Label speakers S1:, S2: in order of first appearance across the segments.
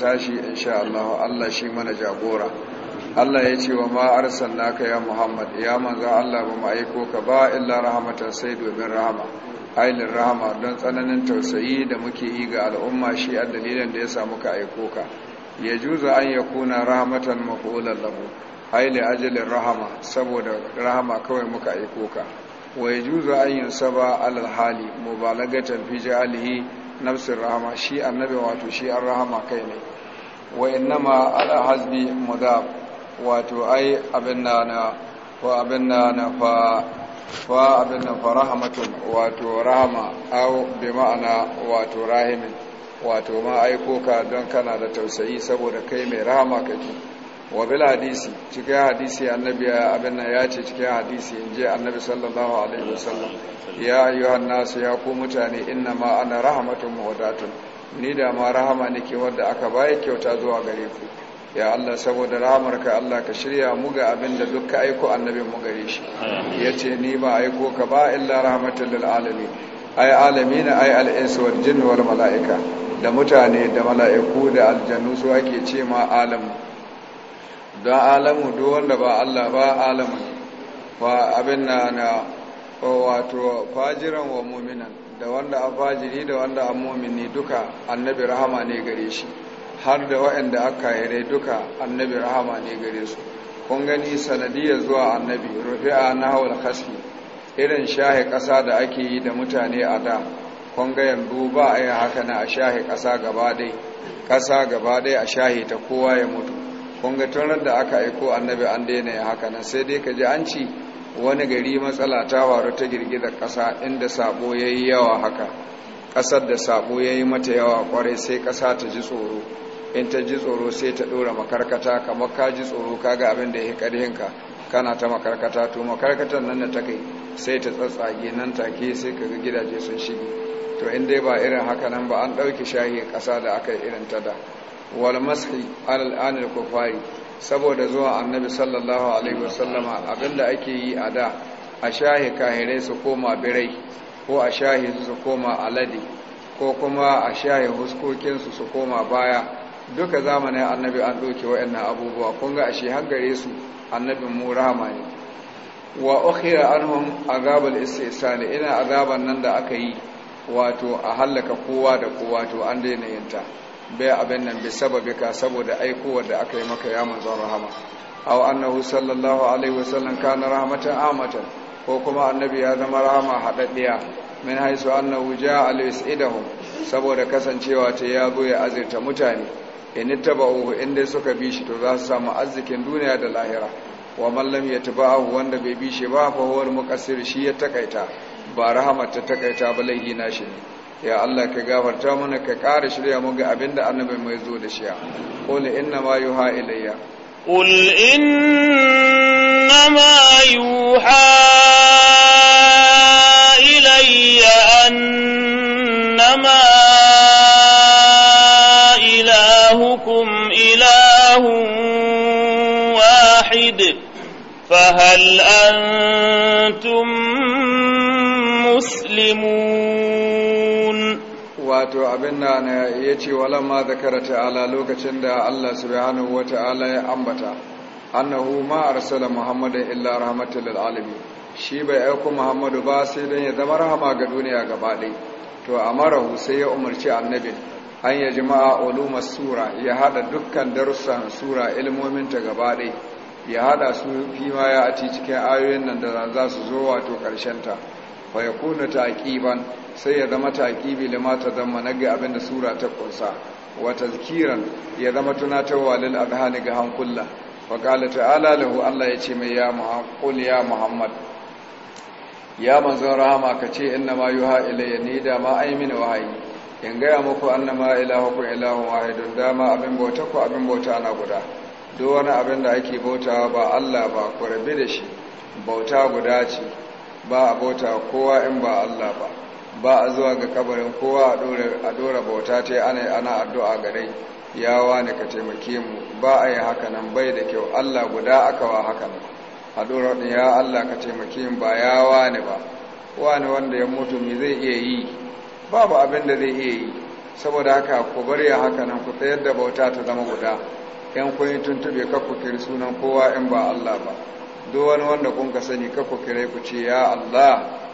S1: sashi insha Allah Allah shi mana jagora Allah ya ce wa ma arsalnaka ya Muhammad ya manzo Allah ba mu aiko ka ba illa rahmatan sai domin rahama ailin rahama don tsananin tausayi da muke yi ga al'umma shi a dalilin da ya samu ka aiko ka ya juza an ya kuna rahmatan maqulan lahu aili ajalin rahama saboda rahama kawai muka aiko ka wa ya juza an yunsaba alal hali mubalagatan fi ja'alihi nafsin rahama shi annabi wato shi an rahama kai ne wa innama ala hazbi mudab wato ai abin na fa abin na fa fa abinna fa wato rahama au bi ma'ana wato rahimin wato ma aiko ka don kana da tausayi saboda kai mai rahama kake wa bil hadisi cikin hadisi annabi abin nan ya ce cikin hadisi in je annabi sallallahu alaihi wasallam ya ayyuhan nasu ya ku mutane inna ma ana rahmatun muhdatun ni da ma rahama nake wanda aka baya kyauta zuwa gare ku ya Allah saboda rahaman-ka Allah ka shirya mu ga abin da duk ka aiko annabin mu gare shi yace ni ba aiko ka ba illa rahmatul lil alamin ay alamin ay al ins wal jinn wal malaika da mutane da malaiku da aljannu su ake ce ma alamu don alamu duk wanda ba Allah ba alamu ne abin na na wato fajiran wa muminan da wanda a fajiri da wanda a mumini duka annabi rahama ne gare shi har da waɗanda aka yare duka annabi rahama ne gare su kun gani sanadiyar zuwa annabi rufi'a na haul khasfi irin shahe ƙasa da ake yi da mutane a da kun ga yanzu ba a yi haka na a shahe ƙasa gaba dai ƙasa gaba dai a shahe ta kowa ya mutu kunga tunar da aka aiko annabi an daina ya haka nan sai dai ka ji an ci wani gari matsala ta waru ta girgiza ƙasa inda sabo ya yi yawa haka ƙasar da sabo ya yi mata yawa kwarai sai ƙasa ta ji tsoro in ta ji tsoro sai ta ɗora makarkata kamar ka ji tsoro ka ga abin da ya ƙarhinka kana ta makarkata to makarkatan nan da ta kai sai ta tsatsage nan take sai ka ga gidaje sun shige to in dai ba irin haka nan ba an ɗauki shahi ƙasa da aka irin ta da wal mashi alal anil kufari saboda zuwa annabi sallallahu alaihi wasallama abinda ake yi a da a shahi kahirai su koma birai ko a shahi su koma alade ko kuma a shahi huskokinsu su koma baya duka zamanin annabi an doke waɗannan abubuwa kun ga ashe har gare su annabin mu rahama ne wa ukhira anhum azabul istisal ina azaban nan da aka yi wato a hallaka kowa da kowa to an daina yinta bai abin nan bi sababika saboda aikowar da aka yi maka ya manzon rahama aw annahu sallallahu alaihi wasallam kana rahmatan amatan ko kuma annabi ya zama rahama hadaddiya min haisu annahu ja'a lisidahum saboda kasancewa ta ya zo ya azirta mutane in tabahu inda suka bi shi to za su samu arzikin duniya da lahira wa man lam yatba'ahu wanda bai bi shi ba fa huwa muqassir shi ya takaita ba rahama ta takaita ba laihi na shi ne ya Allah ka gafarta mana ka ƙara shirya mu ga abin da annabi mai zo da shi qul inna ma yuha ilayya
S2: qul inna ma yuha ilayya annama ilahukum ilahun wahid
S1: فهل أنتم مسلمون wato abin da ya ce walamma zakara ta'ala lokacin da Allah subhanahu wa ta'ala ya ambata annahu ma arsala muhammadan illa rahmatan lil alamin shi bai aiko muhammadu ba sai dan ya zama rahama ga duniya gaba ɗaya to amarahu sai ya umarci annabin an ya jama'a uluma sura ya hada dukkan darussan sura ilmomin ta gaba ya hada su fi ma ya ati cikin ayoyin nan da za su zo wato karshen ta fa yakunu taqiban sai ya zama taqibi zama na ga abin da sura ta kunsa wa tazkiran ya zama tunatarwa lil adhani ga hankulla wa qala ta'ala lahu Allah ya ce mai ya muhammad ya muhammad ya manzon rahama ka ce inna ma yuha ilayya ni da ma aimina wahayi in gaya muku annama ilahukum ilahun wahidun dama abin bauta ku abin bauta na guda duk wani abin da ake bautawa ba Allah ba ku da shi bauta guda ce ba a bauta kowa in ba Allah ba ba a zuwa ga kabarin kowa a dora bauta ta ana ana addu'a gare ya wani ka taimake mu ba a yi hakanan bai da kyau Allah guda aka wa hakanan. a dora ɗin ya Allah ka taimake mu ba ya wani ba wani wanda ya mutu mai zai iya yi babu abin da zai iya yi saboda haka ku bari ya hakanan ku tsayar da bauta ta zama guda yan kun yi ka kakku kiri sunan kowa in ba Allah ba duk wani wanda kun ka sani kakku kire ku ce ya Allah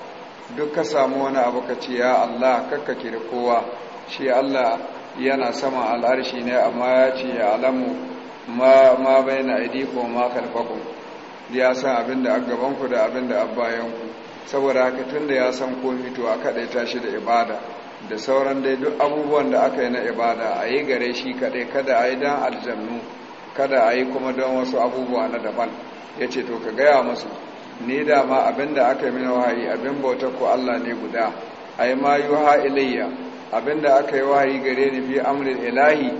S1: duk ka samu wani abu ka ce ya Allah kakkake da kowa shi Allah yana sama al'arshi ne amma ya ce ya alamu ma bai na aidi ko ma kalfakon ya san abin da gabanku da abin da bayanku saboda haka tun da ya san ko fito a kaɗaita shi da ibada da sauran dai duk abubuwan da aka yi na ibada a yi gare shi kaɗai kada a yi don aljannu kada a yi kuma don wasu abubuwa na daban ya ce to ka gaya masu. ne da ma abin da aka yi mini wahayi abin bauta ko Allah ne guda yi ma wa ilayya abin da aka yi wahayi gare ni fi amrin ilahi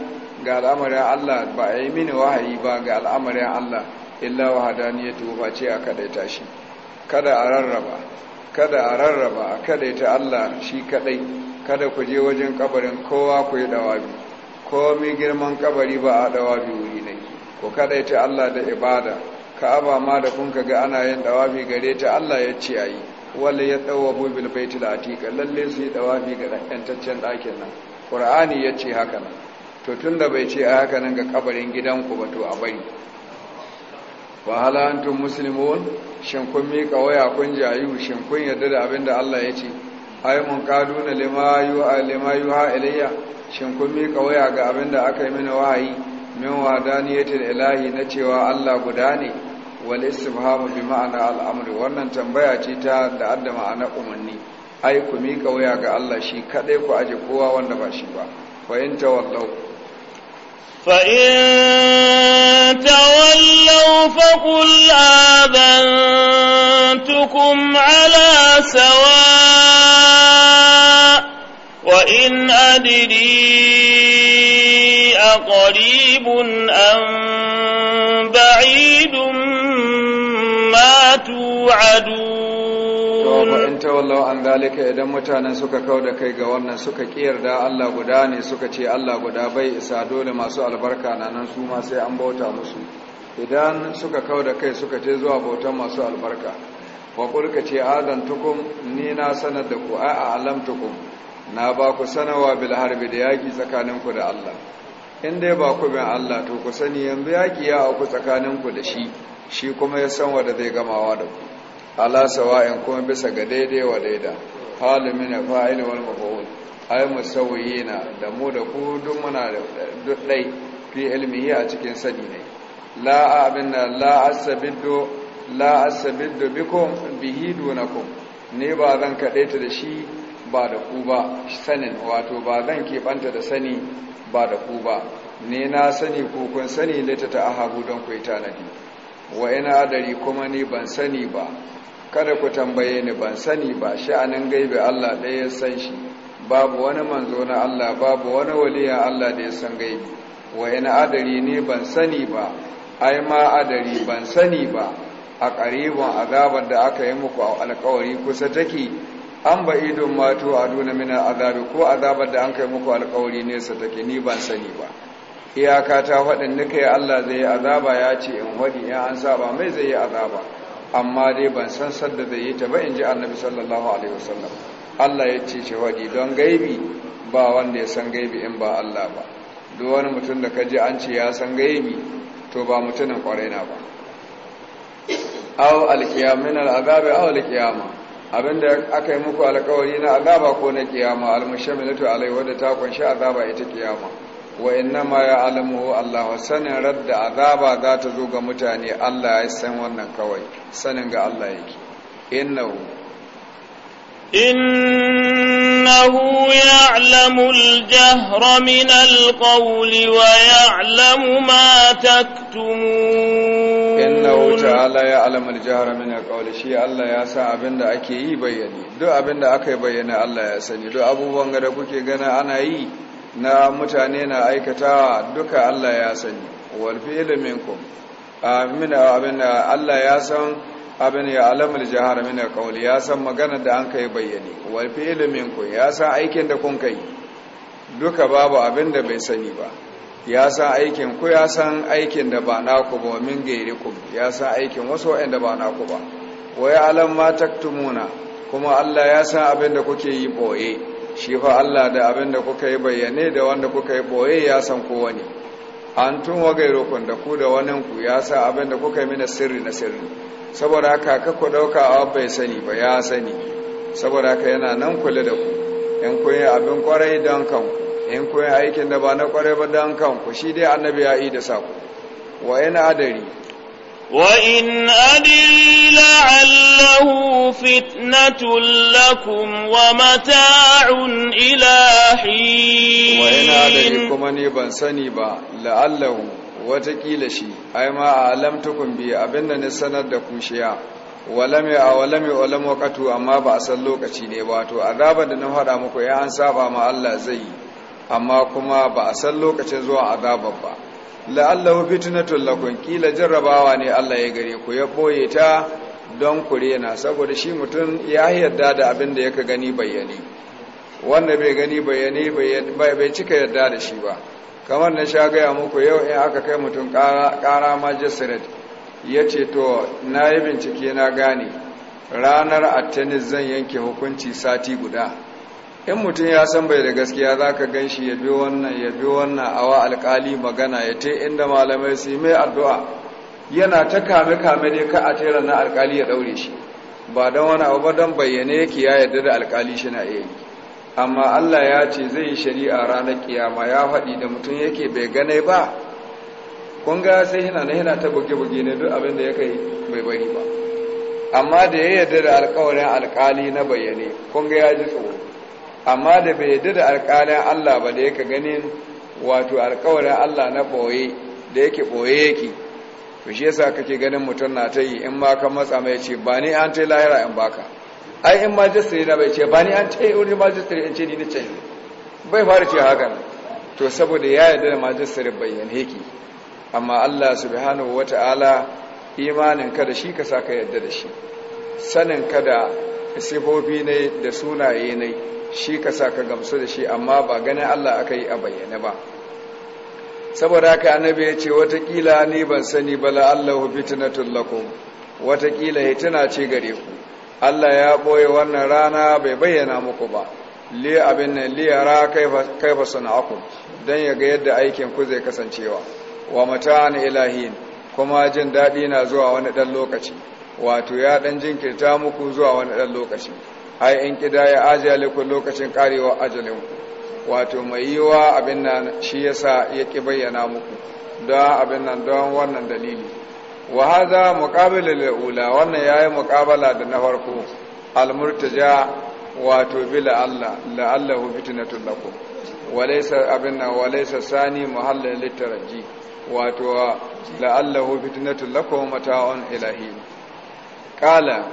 S1: ga al'amarin Allah ba a yi mini wahayi ba ga al'amarin Allah illa wahadaniyatu ba ce a daita shi kada a rarraba kada a rarraba a kadaita Allah shi kadai kada ku je wajen kabarin kowa ku yi dawabi mai girman kabari ba a dawabi wuri ne ku kadaita Allah da ibada ka'aba ma da kun ga ana yin dawafi gare ta Allah ya ce ayi wala ya tawafu bil baitil atiq lalle su yi dawafi ga dantaccen dakin nan qur'ani ya ce haka nan to tunda bai ce a haka nan ga kabarin gidanku ba to a bari wa hala antum muslimun shin kun mika waya kun jayu shin kun yarda da abinda Allah ya ce ay mun kaduna lima yu lima ilayya shin kun mika waya ga abinda aka yi mini wahayi min wadaniyatil ilahi na cewa Allah guda ne wal istifhamu bi ma'ana al'amri wannan tambaya ce ta da adda ma'ana umarni ai ku mika wuya ga Allah shi kaɗai ku aje kowa wanda ba shi ba fa in tawallau
S2: fa in tawallau fa qul abantukum ala sawa wa in adri aqribun ma tu'adun
S1: wa in tawallaw an zalika idan mutanen suka kau da kai ga wannan suka kiyarda Allah guda ne suka ce Allah guda bai isa dole masu albarka na nan su ma sai an bauta musu idan suka kau da kai suka ce zuwa bautan masu albarka wa kulka ce tukum ni na sanar da ku a alamtukum na ba ku sanawa bil harbi da yaki tsakaninku da Allah in dai ba ku bin Allah to ku sani yanzu yaki ya auku tsakaninku da shi shi kuma ya san wadda zai gamawa da ku ala sawa'in kuma bisa ga daidai wa daida fa'ilu wani fa'il wal maf'ul ay musawiyina da mu da ku duk muna da dai fi ilmihi a cikin sani ne la abinna la asabiddu la asabiddu bikum bihi dunakum ne ba zan kadaita da shi ba da ku ba sanin wato ba zan keɓanta da sani ba da ku ba ne na sani ku kun sani lita ta ahabu don ku yi tanadi wa ina adari kuma ni ban sani ba kada ku tambaye ni ban sani ba sha'anin gaibe Allah ɗaya ya san shi babu wani manzo na Allah babu wani waliya Allah da ya san gaibi wa ina adari ni ban sani ba ai ma adari ban sani ba a ƙaribin azabar da aka yi muku alkawari kusa take an ba idon mato a duna mina azabi ko azabar da an kai muku alkawari nesa take ni ban sani ba iyaka ta faɗin nika ya Allah zai yi azaba ya ce in waɗi ya an saba mai zai yi azaba amma dai ban san sadda zai yi ta ba in ji annabi sallallahu alaihi wasallam Allah ya ce ce waɗi don gaibi ba wanda ya san gaibi in ba Allah ba duk wani mutum da ka ji an ce ya san gaibi to ba mutumin kwarai na ba aw alqiyamin al'azabi aw alkiyama abinda aka yi muku alƙawari na azaba ko na kiyama almushamilatu alai wadda ta kunshi azaba ita kiyama wa inna ma ya'lamuhu Allah sanin radda azaba za ta zo ga mutane Allah ya san wannan kawai sanin ga Allah yake innahu innahu
S2: ya'lamu al-jahra min al-qawli wa ya'lamu ma taktumun
S1: innahu ta'ala ya'lamu al-jahra min al-qawli shi Allah ya sa abinda ake yi bayani duk abinda aka yi bayani Allah ya sani duk abubuwan da kuke gana ana yi na mutane na aikatawa duka Allah ya sani wal fi'lu minkum amin abin Allah ya san abin ya alamul jahar min qawli ya san magana da an kai bayani wal fi'lu ya san aikin da kun kai duka babu abin da bai sani ba ya san aikin ku ya san aikin da ba naku ba min ku ya san aikin wasu waɗanda ba naku ba wa ya alam ma taktumuna kuma Allah ya san abin da kuke yi boye shi fa Allah da abin da kuka yi bayyane da wanda kuka yi boye ya san kowane an tun wagairokun da ku da ku ya sa abin da kuka yi mina sirri na sirri saboda haka kakku ɗauka a bai sani ba ya sani saboda haka yana nan kula da ku in kun yi abin kwarai don ku in kun yi aikin da ba na kwarai ba don ku shi dai annabi ya yi da ku wa yana adari وإن أدري
S2: لعله فتنة لكم ومتاع إلى حين
S1: وإن أدري كما نيبان سنيبا لعله وتكيل شي أي ما أعلمتكم بي أبن نسند كوشيا walame a walame walam wakatu amma ba a san lokaci ne ba to azabar da na faɗa muku ya an saba ma Allah zai yi amma kuma ba a san lokacin zuwa azabar ba la'allahu fitnatul lakum kila jarrabawa ne Allah ya gare ku ya boye ta don ku rena saboda shi mutum ya yarda da abin da yaka gani bayyane wanda bai gani bayyane bai cika yarda da shi ba kamar na sha gaya muku yau in aka kai mutum kara majisirat ya ce to nayi bincike na gane ranar attanis zan yanke hukunci sati guda in mutum ya san bai da gaskiya za ka gan shi ya bi wannan ya bi wannan awa alkali magana ya te inda malamai su yi mai addu'a yana ta kame-kame ne ka a tera na alkali ya ɗaure shi ba don wani abu don bayyane yake ya yarda da alkali shi na iya yi amma allah ya ce zai yi shari'a ranar kiyama ya faɗi da mutum yake bai gane ba kun ga sai hina na hina ta buge-buge ne duk abin da ya kai bai bari ba amma da ya yarda da alkawarin alkali na bayyane kun ga ya ji tsoro amma da bai yadda da alƙalin Allah ba da yake ganin wato alƙawarin Allah na ɓoye da yake ɓoye yake to shi yasa kake ganin mutum na ta yi in ma ka matsa mai ce ba ni an yi lahira in baka ai in majistare na bai ce ba ni an yi wani majistare in ce ni na ce bai fara ce hakan to saboda ya yadda da majistare bayan yake amma Allah subhanahu wataala imanin ka da shi ka sa ka yadda da shi sanin ka da sifofi ne da sunaye ne shi ka sa ka gamsu da shi amma ba ganin Allah aka yi a bayyane ba saboda haka annabi ya ce watakila ni ban sani ba la'allahu fitnatul lakum watakila hitina ce gare ku Allah ya boye wannan rana bai bayyana muku ba li abin nan li yara kaifa kaifa dan ya ga yadda aikin ku zai kasancewa wa mata'an ilahin kuma jin daɗi na zuwa wani ɗan lokaci wato ya ɗan jinkirta muku zuwa wani ɗan lokaci ai in kidaya ajalikun lokacin karewa ajalinku wato mai yi wa abin nan shi yasa ya ki bayyana muku don abin nan don wannan dalili wa haza muqabala ula wannan yayi muqabala da na farko almurtaja murtaja wato bila Allah la'allahu fitnatul lakum walaysa abin nan walaysa sani muhallal litaraji wato la'allahu fitnatul lakum mata'un ilahi qala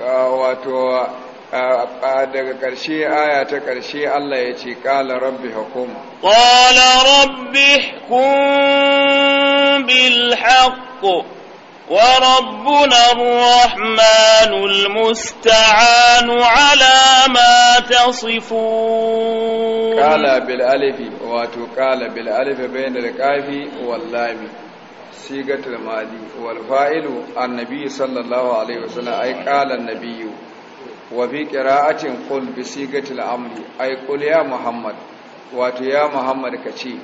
S1: wato daga ƙarshe aya ta ƙarshe Allah ya ce ƙala rabbi hukum
S2: ƙala rabbi hukum bil haqqo wa rabbuna ar-rahmanul musta'anu ala ma tasifun
S1: ƙala bil alifi wato ƙala bil alifi bayan da kafi wallahi sigatul mali wal fa'ilu annabi sallallahu alaihi wasallam ay qala annabiyyu wa fi qira'atin qul bi sigatil amri ay qul ya muhammad wato ya muhammad kace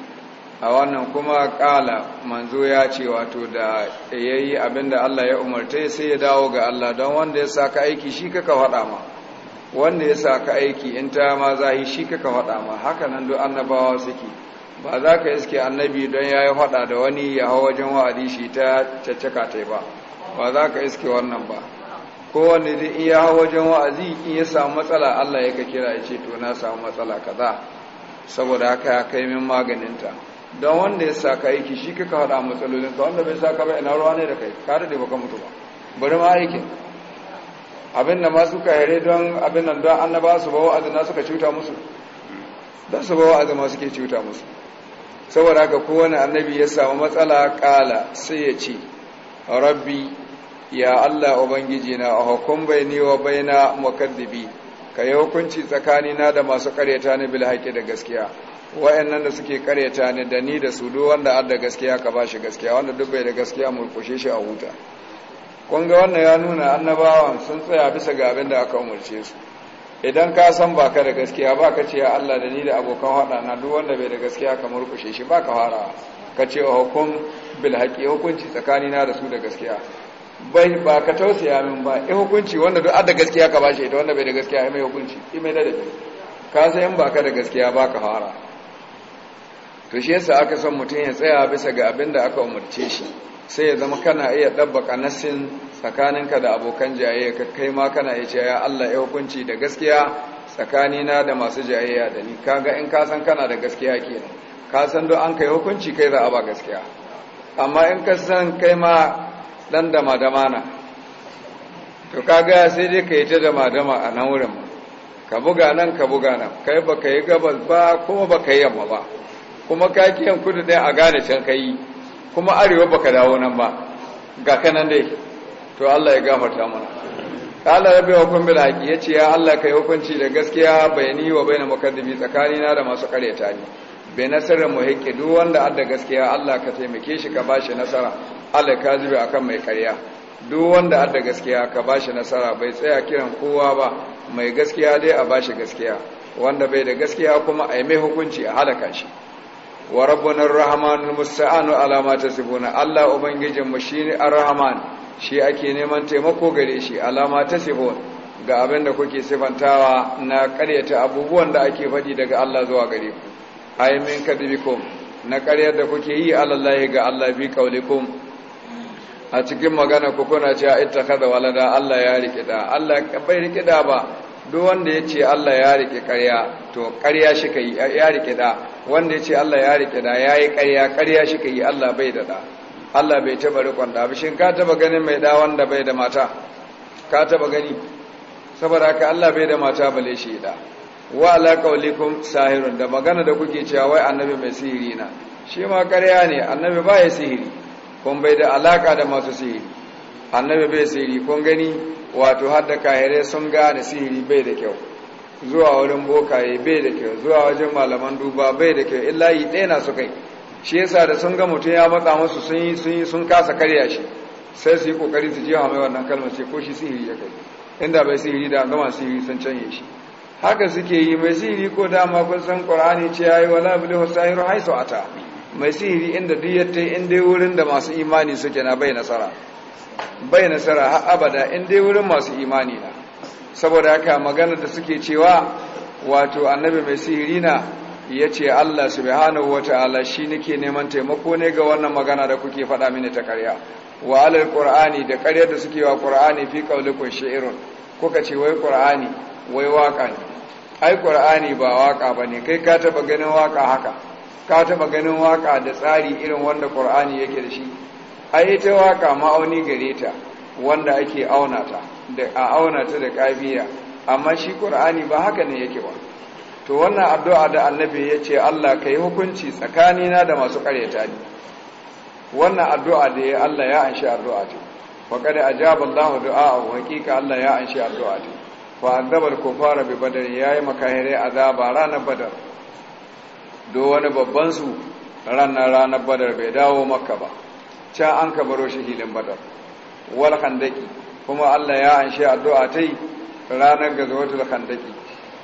S1: a wannan kuma kala manzo ya ce wato da yayi abinda Allah ya umarta sai ya dawo ga Allah don wanda ya saka aiki shi kaka faɗa ma wanda ya saka aiki in ta ma zahi shi kaka faɗa ma haka nan duk annabawa suke ba za ka iske annabi don ya yi da wani ya hau wajen wa'adi shi ta caccaka ta ba ba za ka iske wannan ba kowane zai iya hau wajen wa'azi in ya samu matsala Allah ya ka kira ya ce to na samu matsala kaza saboda haka ya kai min maganinta don wanda ya sa ka aiki shi kika faɗa matsalolin ka wanda bai sa ka bai ina ruwa ne da kai ka da baka mutu ba bari ma aiki. abin da suka kayare don abin nan don annaba su ba wa'azi na suka cuta musu don su ba wa'azi ma suke cuta musu saboda haka kowane annabi ya samu matsala kala sai ya ce rabbi ya Allah ubangiji na hukum baini wa baina mukaddibi yi hukunci tsakanina da masu karyata ni bil haqi da gaskiya wayannan da suke karyata ni da ni da su duk wanda da gaskiya ka bashi gaskiya wanda duk bai da gaskiya murkushe shi a huta kun ga wannan ya nuna annabawan sun tsaya bisa ga abin da aka umarce su idan ka san baka da gaskiya ba ka ce ya Allah da ni da abokan hada na duk wanda bai da gaskiya ka kushe shi ba ka fara ka ce hukum bil haqi hukunci tsakanina da su da gaskiya bai ba ka tausaya min ba eh hukunci wanda duk adda gaskiya ka bashi ita wanda bai da gaskiya mai hukunci shi mai ladabi ka san in baka da gaskiya ba ka fara to shi yasa aka san mutum ya tsaya bisa ga abinda aka umarce shi sai ya zama kana iya dabbaka nassin tsakaninka da abokan jayayya ka kai ma kana iya cewa ya Allah ya hukunci da gaskiya tsakanina da masu jayayya da ni kaga in ka san kana da gaskiya kenan ka san do an kai hukunci kai za a ba gaskiya amma in ka san kai ma ɗan dama-dama na to kaga sai dai ka yi ta da dama a nan wurin ka buga nan ka buga nan kai ba ka yi gabas ba kuma ba ka yi yamma ba kuma ka ki yan kudu ɗaya a gane can ka yi kuma arewa ba ka dawo nan ba ga kanan dai to Allah ya gafarta mana kala ya bai kun bil haqi yace ya Allah kai hukunci da gaskiya bayani wa bainal mukaddibi tsakanina da masu karyata ni bai nasarar muhikki duk wanda adda gaskiya Allah ka taimake shi ka bashi nasara ala kazibi akan mai karya duk wanda adda gaskiya ka ba shi nasara bai tsaya kiran kowa ba mai gaskiya dai a ba shi gaskiya wanda bai da gaskiya kuma a yi mai hukunci a halaka shi wa rabbunar rahmanul musta'anu ala ma tasifuna Allah ubangijinmu shine ar-rahman shi ake neman taimako gare shi alama ta sifon ga abin da kuke sifantawa na karyata abubuwan da ake faɗi daga Allah zuwa gare ku ayyamin kadibikum na karyar da kuke yi alallahi ga Allah bi kaulikum a cikin magana ku kuna ce a ita kada walada Allah ya rike da Allah bai rike da ba duk wanda ya ce Allah ya rike ƙarya to ƙarya shi kai ya rike da wanda ya ce Allah ya rike da yayi ƙarya ƙarya shi kai Allah bai da da Allah bai taba rikon da ba shin ka taba ganin mai da wanda bai da mata ka taba gani saboda haka Allah bai da mata bale shi da wa ala qaulikum sahirun da magana da kuke cewa wai annabi mai sihiri na shi ma ƙarya ne annabi ba ya sihiri kun bai da alaka da masu sihiri annabi bai sihiri kun gani wato har da kahirai sun gane sihiri bai da kyau zuwa wurin bokaye bai da kyau zuwa wajen malaman duba bai da kyau illa yi ɗaya na su kai shi yasa da sun ga mutum ya matsa musu sun yi sun yi sun kasa karya shi sai su yi kokari su jiya mai wannan kalmar ce ko shi sihiri ya kai inda bai sihiri da gama sihiri sun canye shi haka suke yi mai sihiri ko dama kun san qur'ani ce yayi wala bilu sahiru haisu ata mai sihiri inda duk yatta in dai wurin da masu imani suke na bai nasara bai nasara har abada in dai wurin masu imani na saboda haka magana da suke cewa wato annabi mai sihiri na ya ce Allah subhanahu wa ta'ala shi nake neman taimako ne ga wannan magana da kuke faɗa mini ta karya. wa alal qur'ani da ƙaryar da suke wa qur'ani fi qaulikum shi'run kuka ce wai qur'ani wai waka ne ai qur'ani ba waka bane kai ka taba ganin waka haka ka taba ganin waka da tsari irin wanda ƙor'ani yake da shi yi ita waka ma'auni gare ta wanda ake auna ta a auna ta da ƙabiya. amma shi ƙur'ani ba haka ne yake ba to wannan addu'a da annabi ya ce Allah ka yi hukunci tsakanina da masu ƙaryata ne wannan addu'a da ya Allah ya anshi addu'a ce wa kada a jabin lahu du'a hakika Allah ya anshi addu'a ce wa azabar kofara bi badar ya yi makahirai azaba ranar badar do wani babban su ranar ranar badar bai dawo maka ba can an ka baro shi hilin badar wal handaki kuma Allah ya shi addu'a ta yi ranar gazawatul handaki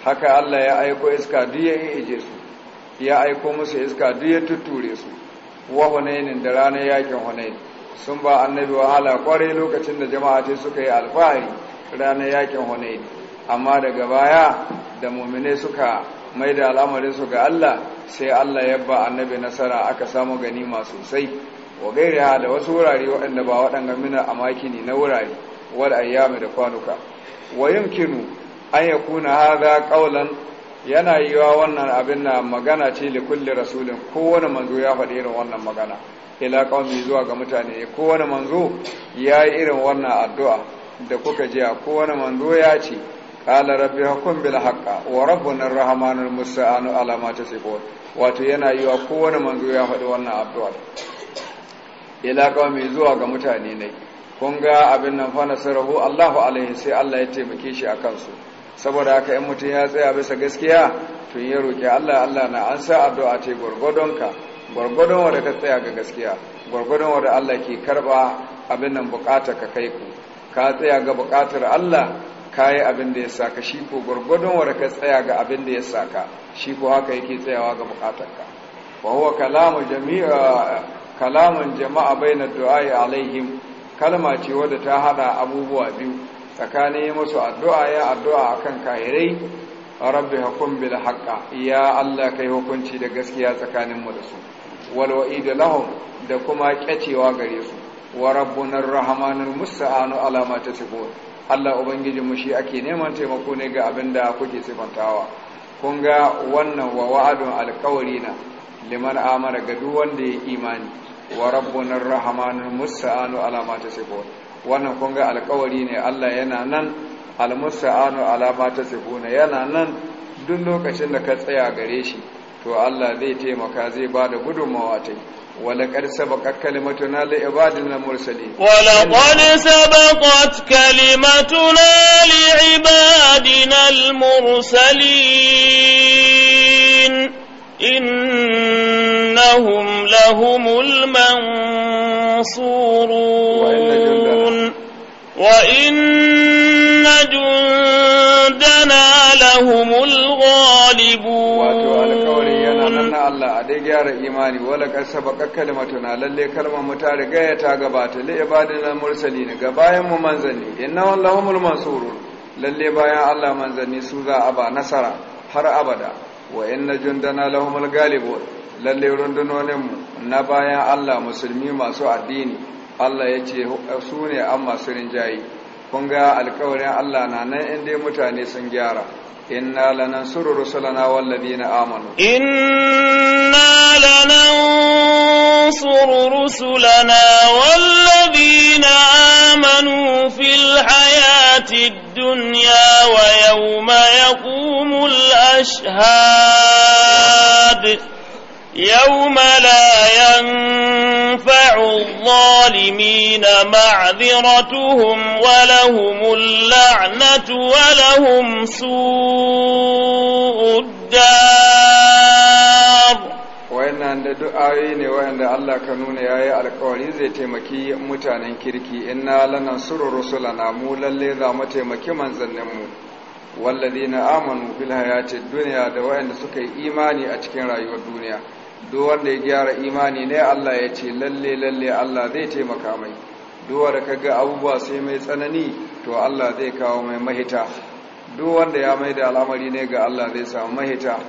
S1: haka Allah ya aiko iska duk ya ije su ya aiko musu iska duya ya tutture su wa hunainin da ranar yakin hunain sun ba annabi wahala kwarai lokacin da jama'a ce suka yi alfahari ranar yakin hunain amma daga baya da muminai suka mai da al'amarinsu ga Allah sai Allah ya ba annabi nasara aka samu ganima sosai wa gairi da wasu wurare waɗanda ba waɗanga mina a makini na wurare wal ayyami da kwanuka wa yumkinu an yakuna hadha qawlan yana yiwa wannan abin na magana ce li kulli rasulin kowane manzo ya faɗi irin wannan magana ila qaumi zuwa ga mutane kowane manzo ya yi irin wannan addu'a da kuka ji kowane manzo ya ce قال rabbi hukum بالحق وربنا wa المستعان على ما تصفون wato yana yi wa kowane manzo ya faɗi wannan addu'a ila mai zuwa ga mutane ne kun ga abin nan fa nasarahu Allahu alaihi sai Allah ya taimake shi akan su saboda haka in mutum ya tsaya bisa gaskiya to ya roki Allah Allah na an sa addu'a ce gurgudunka gurgudun wanda ka tsaya ga gaskiya gurgudun wanda Allah ke karba abin nan bukatar ka kai ku ka tsaya ga bukatar Allah ka yi abin da ya saka shi ko gwargwadon wa ka tsaya ga abin da ya saka shi ko haka yake tsayawa ga bukatarka wa huwa kalamu jami'a kalamun jama'a baina du'ai alaihim kalma ce wadda ta hada abubuwa biyu tsakanin masu addu'a ya addu'a akan kahirai rabbi hukum bil haqqa ya Allah kai hukunci da gaskiya tsakanin mu da su wal wa'id lahum da kuma kyacewa gare su wa rabbunar arrahmanul musta'anu alama ta tasifun Allah ubangijin mu shi ake neman taimako ne ga abin da kuke sifantawa kun ga wannan wa wa'adun alƙawari na liman amara ga duk wanda ya imani wa rabbunar rahamanul musta'anu alama ta sifo. wannan kun ga alƙawari ne Allah yana nan almusta'anu ala ta na yana nan duk lokacin da ka tsaya gare shi to Allah zai taimaka zai bada gudunmawa ta yi ولقد سبقت كلمتنا لعبادنا المرسلين ولقد
S2: سبقت كلمتنا لعبادنا المرسلين إنهم لهم المنصورون وإن
S1: جندنا لهم الغالبون na Allah a dai gyara imani wala kad sabaqa kalimatuna lalle kalmar mu ta riga ya ta gabata li ibadina mursalin ga bayan mu manzanni inna wallahumul mansurun lalle bayan Allah manzanni su za a ba nasara har abada wa inna jundana lahumul galibun lalle rundunonin mu na bayan Allah musulmi masu addini Allah ya ce su ne an masu rinjayi kun ga alkawarin Allah na nan inda mutane sun gyara إنا لننصر رسلنا والذين آمنوا إنا لننصر
S2: رسلنا والذين آمنوا في الحياة الدنيا ويوم يقوم الأشهاد يوم لا ينفع الظالمين معذرتهم ولهم اللعنة ولهم سوء الدار
S1: wayannan da du'ayoyi ne wayanda Allah ka nuna yayi alƙawari zai taimaki mutanen kirki inna lanansuru rusulana mu lalle za mu taimaki manzanninmu walladina amanu fil hayatid dunya da wayanda suka yi imani a cikin rayuwar duniya duk wanda ya gyara imani ne Allah ya ce lalle lalle Allah zai taimaka mai duk wanda ka ga abubuwa sai mai tsanani to Allah zai kawo mai mahita duk wanda ya mai da al'amari ne ga Allah zai samu mahita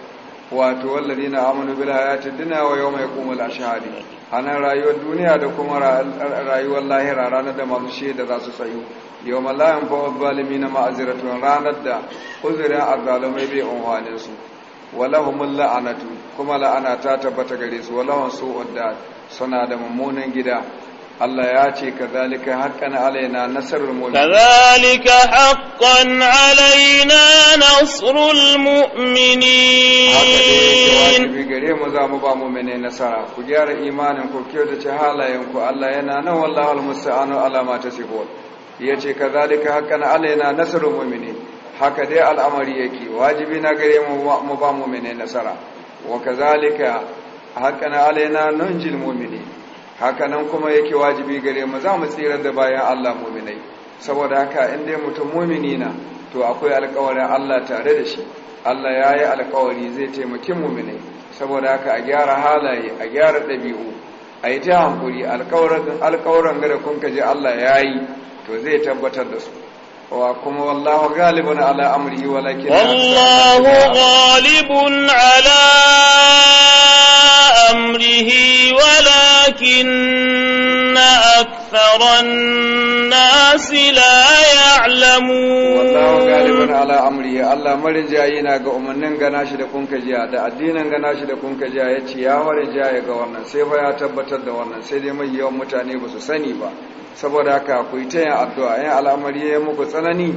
S1: wato na amanu bil hayati dunya wa yawma yaqumul A nan rayuwar duniya da kuma rayuwar lahira ranar da masu da za su Yau, yawma la yanfa'u zalimin ma'azratu ranar da uzurin azzalumai bai unwanin su walahumul la'anatu kuma la'ana ta tabbata gare su walahum su'ud da suna da mummunan gida Allah ya ce kazalika haqqan alaina nasrul mu'min kazalika haqqan alaina nasrul mu'minin haka ne gare mu za mu ba mu'mine nasara ku gyara imanin ku kiyota ce halayen ku Allah yana nan wallahi almusta'anu ala ma tasifun yace kazalika haqqan alaina nasrul mu'minin haka dai al'amari yake wajibi na gare mu ba muminai nasara wa kazalika na alaina jil mu'mini haka nan kuma yake wajibi gare mu za mu tsira da bayan Allah mu'minai saboda haka in dai mutum mu'mini na to akwai alƙawarin Allah tare da shi Allah ya yi alƙawari zai taimaki mu'minai saboda haka a gyara halaye a gyara ɗabi'u a yi ta hankuri alƙawarin gada kun ji Allah ya yi to zai tabbatar da su وكم والله غالب على أمره ولكن والله
S2: غالب على أمره ولكن أكثر الناس لا يعلمون
S1: والله غالب على أمره الله مرجعينا قومنن غناش لكم كجاء دا الدين غناش لكم كجاء يتيا ورجاء قوانا سيفا يتبتد وانا سيدي من يوم متاني بسساني با saboda haka ku yi ta yin addu'a yin al'amari ya muku tsanani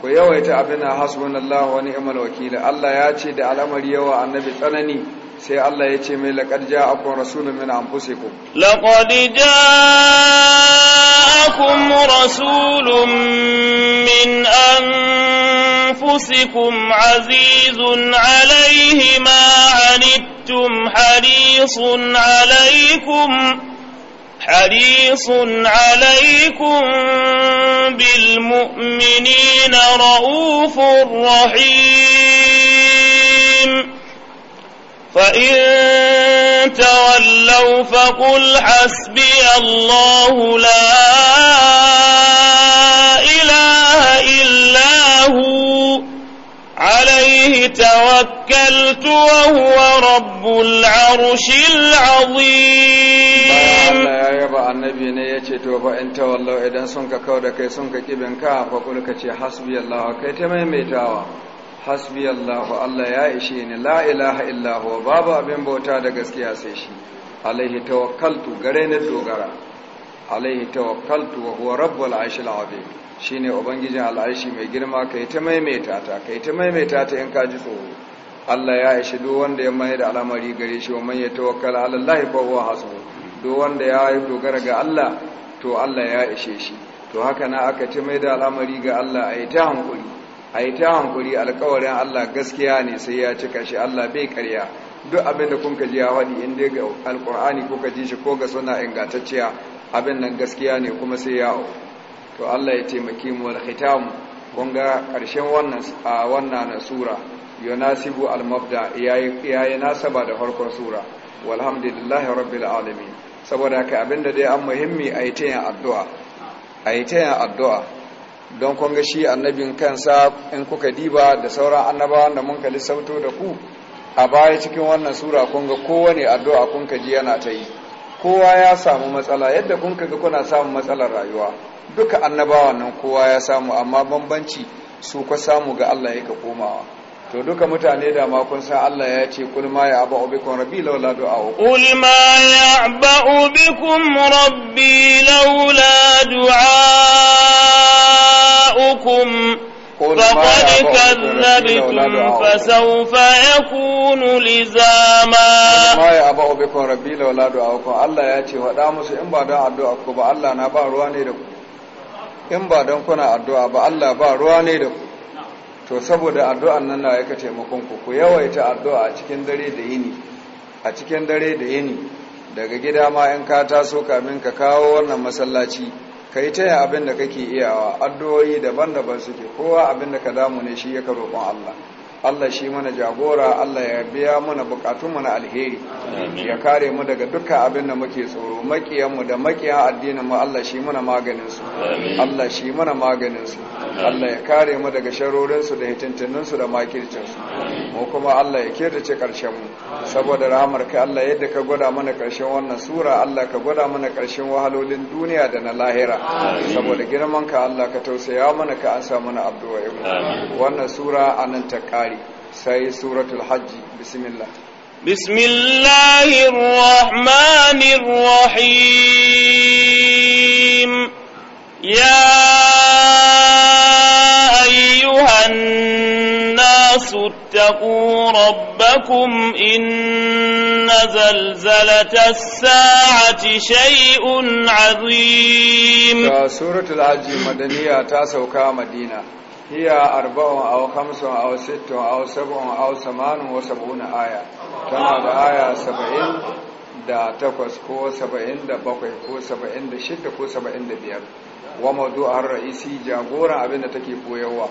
S1: ku yawaita abin hasbun Allah wani ni'mal wakil Allah ya ce da al'amari yawa annabi tsanani sai Allah ya ce mai a ja'akum rasulun min anfusikum laqad ja'akum rasulun
S2: min أنفسكم azizun عليه ma عنتم حريص عليكم حريص عليكم بالمؤمنين رؤوف رحيم فإن تولوا فقل حسبي الله لا إله إلا هو عليه توكلت وهو رب العرش العظيم
S1: الله يا النبي ne yace to fa in tawallau idan sun ka da kai sun ka kibin ka fa kul ka ce hasbi Allah kai ta maimaitawa hasbi Allah Allah ya ishe ni la ilaha illa huwa babu abin bauta da gaskiya sai shi alaihi tawakkaltu gare ni dogara alaihi tawakkaltu wa huwa rabbul arshil azim shi ne ubangijin al’aishi mai girma ka yi ta maimaita ta ka yi ta maimaita ta in ka ji tsoro Allah ya ishi wanda ya mai da al'amari gare shi wa man ya tawakkala ala Allah fa huwa wanda ya yi dogara ga Allah to Allah ya ishe shi to haka na aka ci mai da al'amari ga Allah a yi ta hankuri yi ta hankuri alƙawarin Allah gaskiya ne sai ya cika shi Allah bai karya duk abin da kun ji ya wani, in dai ga alkur'ani kuka ji shi ko ga suna ingantacciya abin nan gaskiya ne kuma sai ya to Allah ya taimake mu wal khitam kun ga ƙarshen wannan a wannan sura yunasibu al mabda yayi yayi nasaba da farkon sura walhamdulillahi rabbil alamin saboda kai, abinda dai an muhimmi a yi addu'a a yi addu'a don kun ga shi annabin kansa in kuka diba da sauran annabawan da mun ka da ku a baya cikin wannan sura kun ga kowane addu'a kun ka ji yana ta yi kowa ya samu matsala yadda kun ga kuna samun matsalar rayuwa duka annabawa nan kowa ya samu amma bambanci su ka samu ga Allah yake komawa to duka mutane da ma kun san Allah ya ce kul ma ya abu bikum rabbi laula du'a
S2: kul ma ya abu bikum rabbi laula
S1: du'a'ukum فقد كذبتم فسوف يكون لزاما ما يا ابا بكم ربي لولا دعاءكم الله يا ce faɗa musu in ba don addu'a ku ba Allah na ba ruwa ne da ku in ba don kuna addu'a ba Allah ba ruwa ne da ku to saboda addu'an nan na yaka taimakon ku ku yawaita addu'a a cikin dare da yini a cikin dare da yini daga gida ma in ka taso kamin ka kawo wannan masallaci ka yi taya abin da kake iyawa addu'o'i daban-daban suke kowa abin da ka damu ne shi ya roƙon Allah Allah shi mana jagora Allah ya biya mana bukatunmu na alheri ya kare mu daga dukkan abin da muke tsoro makiyanmu da makiyan addinin mu Allah shi mana maganinsu. Allah shi mana maganin Allah ya kare mu daga sharorinsu da hitintuninsu da makircinsu mu kuma Allah ya kirdace karshen mu saboda rahamar ka Allah yadda ka gwada mana karshen wannan sura Allah ka gwada mana karshen wahalolin duniya da na lahira saboda girman ka Allah ka tausaya mana ka an sa mana abdu'a'in wannan sura anan ta kare sai suratul hajji bismillah بسم الله الرحمن
S2: الرحيم يا أيها الناس اتقوا ربكم إن زلزلة الساعة شيء
S1: عظيم سورة الحج مدنية تاسوكا مدينة هي أربع أو خمس أو ست أو سبع أو ثمان وسبعون آية تنعد آية سبعين da takwas ko saba'in da bakwai ko saba'in da shida ko saba'in da biyar wa maudu a ra'isi jagoran abinda take koyarwa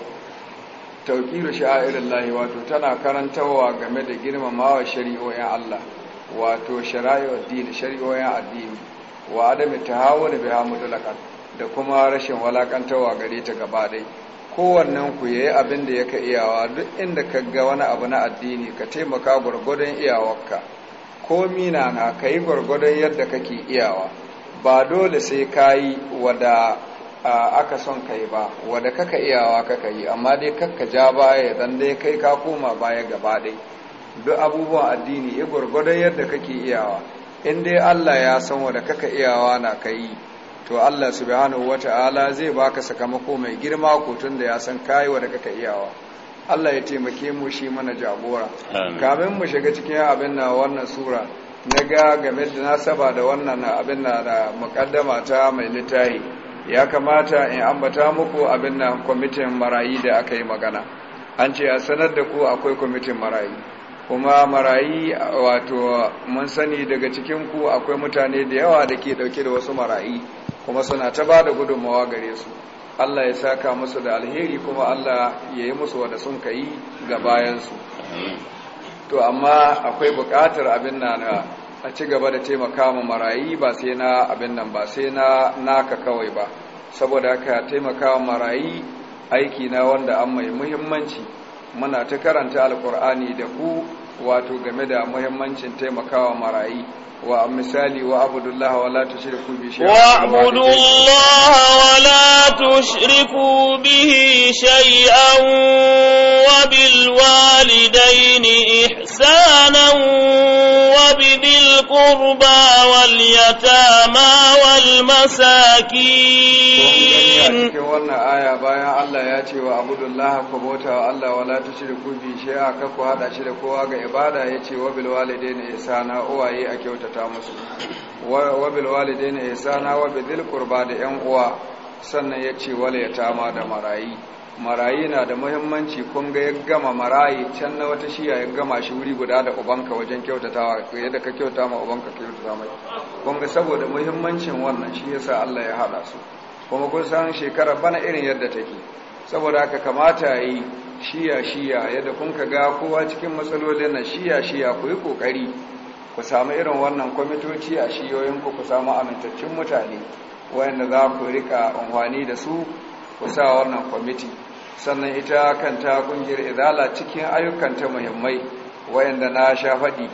S1: tauƙiru sha'irin lahi wato tana karantarwa game da girmamawa shari'o'in Allah wato shari'o'in shari'o'in addini wa adami ta hawo da biya da kuma rashin walakantarwa gare ta gaba dai kowannen ku yayi abin da ka iyawa duk inda ka ga wani abu na addini ka taimaka gwargwadon iyawarka ko mina na ka yi gwargwadon yadda kake iyawa ba dole sai ka yi wada aka son kai ba wadda kaka iyawa kaka yi amma dai kakka ja baya dan dai kai ka koma baya gaba dai duk abubuwan addini ya eh, gwargwadon yadda kake iyawa in dai Allah ya san wadda kaka iyawa na ka to Allah subhanahu ta'ala zai baka sakamako mai girma ko tun da ya san kayi wadda kaka iyawa Allah ya taimake mu shi mana jagora kamin mu shiga cikin abin na wannan sura na ga game da nasaba da wannan abin na da mukaddama ta mai littafi ya kamata in ambata muku abin nan kwamitin marayi da aka yi magana an ce a sanar da ku akwai kwamitin marayi kuma marayi wato mun sani daga cikinku akwai mutane da yawa da ke dauke da wasu marayi kuma suna ta ba da gudunmawa gare su Allah ya saka musu da alheri kuma Allah ya yi musu wanda sun kai ga bayansu to amma akwai bukatar abin na a ci gaba da taimaka ma marayi ba sai na abin nan ba sai na naka kawai ba saboda haka taimaka ma marayi aiki na wanda an mai muhimmanci muna ta karanta alkur'ani da ku wato game da muhimmancin taimakawa marayi ومثالي واعبدوا الله ولا تشركوا به شيئا واعبدوا الله ولا تشركوا به
S2: شيئا وبالوالدين إحسانا وبذي القربى واليتامى والمساكين
S1: wannan aya bayan Allah ya ce wa abudullahi ku bauta Allah wala tushriku bi shay'a ka ku hada shi da kowa ga ibada yace wa bil uwaye a kyautata kyautata musu wa bil walidaini ihsana wa bil qurba da yan uwa sannan yace ce ya yatama da marayi marayi na da muhimmanci kun ga ya gama marayi can na wata shiya ya gama shi wuri guda da ubanka wajen kyautatawa yadda ka kyauta ma ubanka kyautata mai kun ga saboda muhimmancin wannan shi yasa Allah ya hada su kuma kun san shekara bana irin yadda take saboda haka kamata yi shiya shiya yadda kun ka ga kowa cikin matsalolin na shiya shiya ku yi kokari ku samu irin wannan kwamitoci a shiyoyinku ku samu amintaccen mutane wayanda za ku rika amfani da su ku sa wannan kwamiti sannan ita kanta kungiyar izala cikin ayyukanta muhimmai wayanda na sha faɗi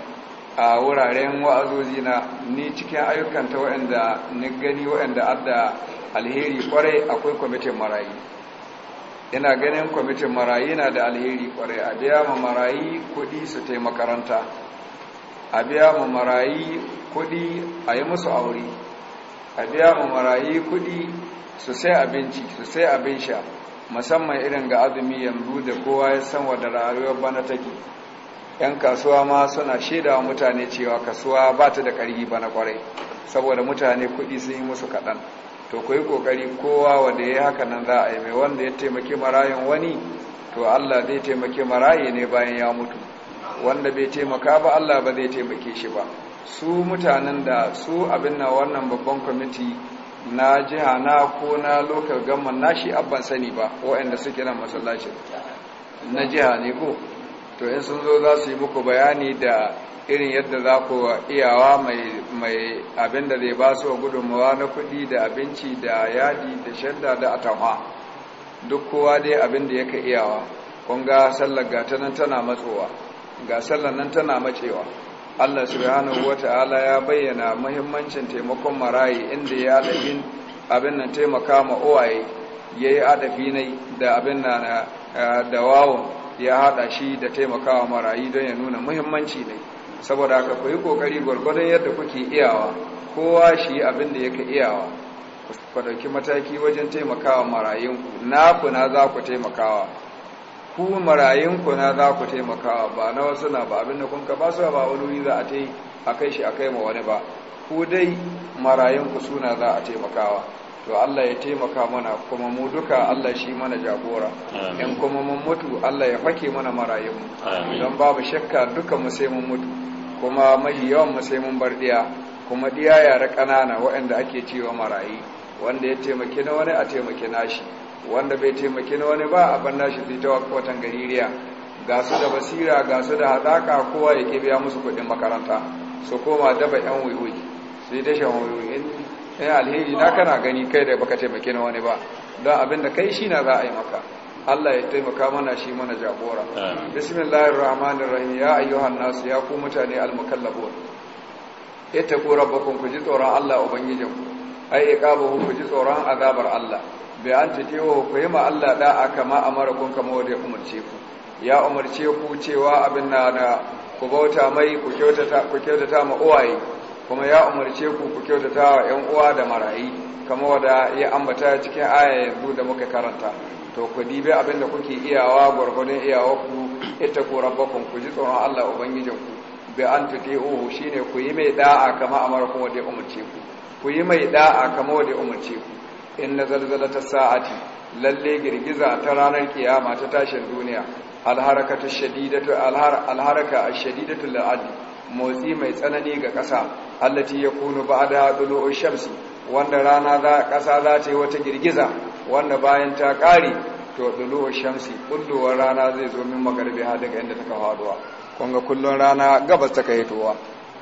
S1: a wuraren wa'azozi na ni cikin ayyukanta wayanda ni gani wayanda adda alheri kwarai akwai kwamitin marayi ina ganin kwamitin marayi na da alheri kwarai a biya ma marayi kuɗi su taimakaranta a biya ma marayi kudi a yi musu aure a biya ma marayi kudi su sai abinci su sai abin sha musamman irin ga azumi yanzu da kowa ya san wadda rayuwar bana take yan kasuwa ma suna shaida wa mutane cewa kasuwa ba ta da ƙarfi bana kwarai saboda mutane kudi sun yi musu kaɗan to ku yi ƙoƙari kowa wanda ya yi haka nan za a yi mai wanda ya taimaki marayin wani to allah zai taimaki maraye ne bayan ya mutu wanda bai taimaka ba Allah ba zai taimake shi ba su mutanen da su abin na wannan babban kwamiti na jiha na ko na lokal gamman na shi abban sani ba waɗanda suke nan masallacin na jiha ne ko to in sun zo za su yi muku bayani da irin yadda za ku iyawa mai abin da zai ba su gudunmawa na kuɗi da abinci da yadi da shadda da atamwa duk kowa dai abin da yake iyawa kunga sallar gatanan tana matsowa ga sallan nan tana macewa Allah subhanahu wata'ala ya bayyana muhimmancin taimakon marayi inda ya adabin abin nan taimaka ma uwaye yayi adafi ne da abin nan eh, da wawo ya hada shi da taimakawa marayi don ya nuna muhimmanci ne saboda haka ku yi kokari gurgurdan yadda kuke iyawa kowa shi abin da yake iyawa ku dauki mataki wajen taimakawa marayinku naku na za ku taimakawa ku marayinku na za ku taimakawa ba na wasu na ba abinda kun ka ba su ba wani za a ta a kai shi a kai ma wani ba ku dai ku suna za a taimakawa to Allah ya taimaka mana kuma mu duka Allah shi mana jagora in kuma mun mutu Allah ya fake mana mu don babu shakka duka mu sai mun mutu kuma mai yawan mu sai mun bar diya kuma diya yara ƙanana waɗanda ake cewa marayi wanda ya taimaki na wani a taimaki nashi wanda bai taimaki na wani ba a banna shi fita watan gaririya ga su da basira ga su da hadaka kowa ya ke biya musu kuɗin makaranta su koma daba yan wuyi sai dai shan in alheri na kana gani kai da baka taimake na wani ba don abin da kai shi na za a yi maka Allah ya taimaka mana shi mana jagora bismillahir rahmanir rahim ya ayyuhan nas ya ku mutane almukallabun ita ku rabbakum ku ji tsoron Allah ubangijinku ai iqabahu ku ji tsoron azabar Allah bai an tatewa ku yi ma Allah da'a kama amara kun kama wanda ya umarce ku ya umarce ku cewa abin na na ku bauta mai ku kyautata ma uwaye kuma ya umarce ku ku kyautata wa ‘yan uwa da marayi kama wanda ya ambata cikin aya yanzu da muka karanta to ku dibe abin da kuke iyawa gwargwadon iyawa ku ita ku rabbakun ku ji tsoron Allah ku bai an ta tuti'uhu shine ku yi mai da'a kama amara kun wanda ya umarce ku ku yi mai da'a kama wanda ya umarce ku In inna zalzalata sa'ati lalle girgiza ta ranar kiyama ta tashin duniya alharakatu a alharaka ashadidatu motsi mai tsanani ga ƙasa allati yakunu ba'da dulu'u shamsi wanda rana za ƙasa za ta yi wata girgiza wanda bayan ta ƙare to dulu'u shamsi kullowar rana zai zo min magarbiha daga inda ta faduwa kun ga kullun rana gabas ta kai tuwa.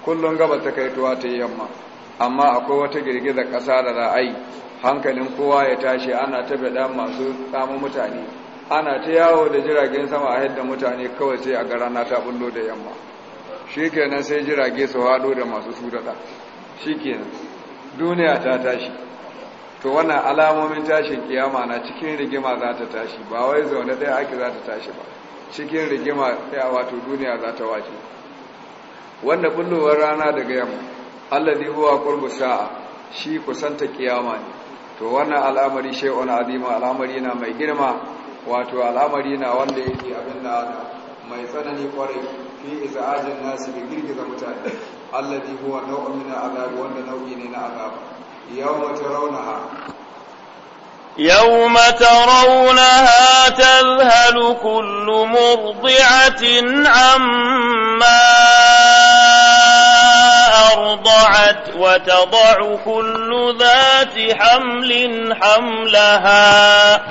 S1: Kullum gabas ta kai tuwa ta yamma amma akwai wata girgiza ƙasa da za a yi hankalin kowa ya tashi ana ta bada masu kama mutane ana ta yawo da jiragen sama a yadda mutane kawai sai a ga rana ta bullo da yamma shikenan sai jirage su haɗo da masu su dada shikenan duniya ta tashi to wannan alamomin tashin kiyama na cikin rigima za ta tashi ba wai zaune ɗaya ake za ta tashi ba cikin rigima ya wato duniya za ta wace wanda bullowar rana daga yamma ne huwa qurbu sa'a shi kusanta kiyama ne to wannan al'amari wani azima al'amari na mai girma wato al'amari na wanda yake abin da mai tsanani kwarai fi isa ajin nasu da girgiza mutane alladhi huwa nau'un min al'azab wanda nau'i ne na azab yawma tarawnaha
S2: يوم ترونها تذهل كل مرضعة عما أرضعت وتضع كل ذات حمل حملها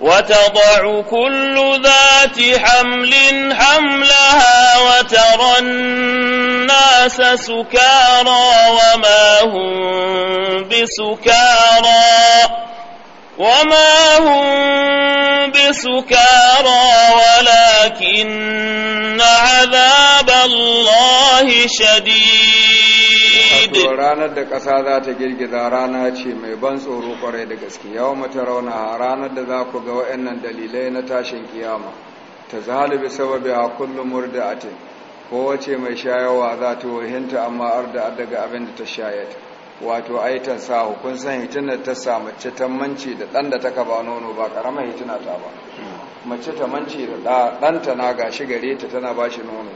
S2: وتضع كل ذات حمل حملها وترى الناس سكارى وما هم بسكارى وما هم بسكارى ولكن عذاب الله شديد
S1: ranar da ƙasa za ta girgiza rana ce mai ban tsoro kwarai da gaske mata rauna ranar da za ku ga waɗannan dalilai na tashin kiyama ta zalibi sababi a kullum murda atin kowace mai shayarwa za ta wahinta amma arda daga abin da ta shayata wato aitan sa kun san ta sa mace ta mance da ɗan da ta kaba nono ba ƙaramar hitina ta ba mace ta manci da ɗanta na gashi gare ta tana ba shi nono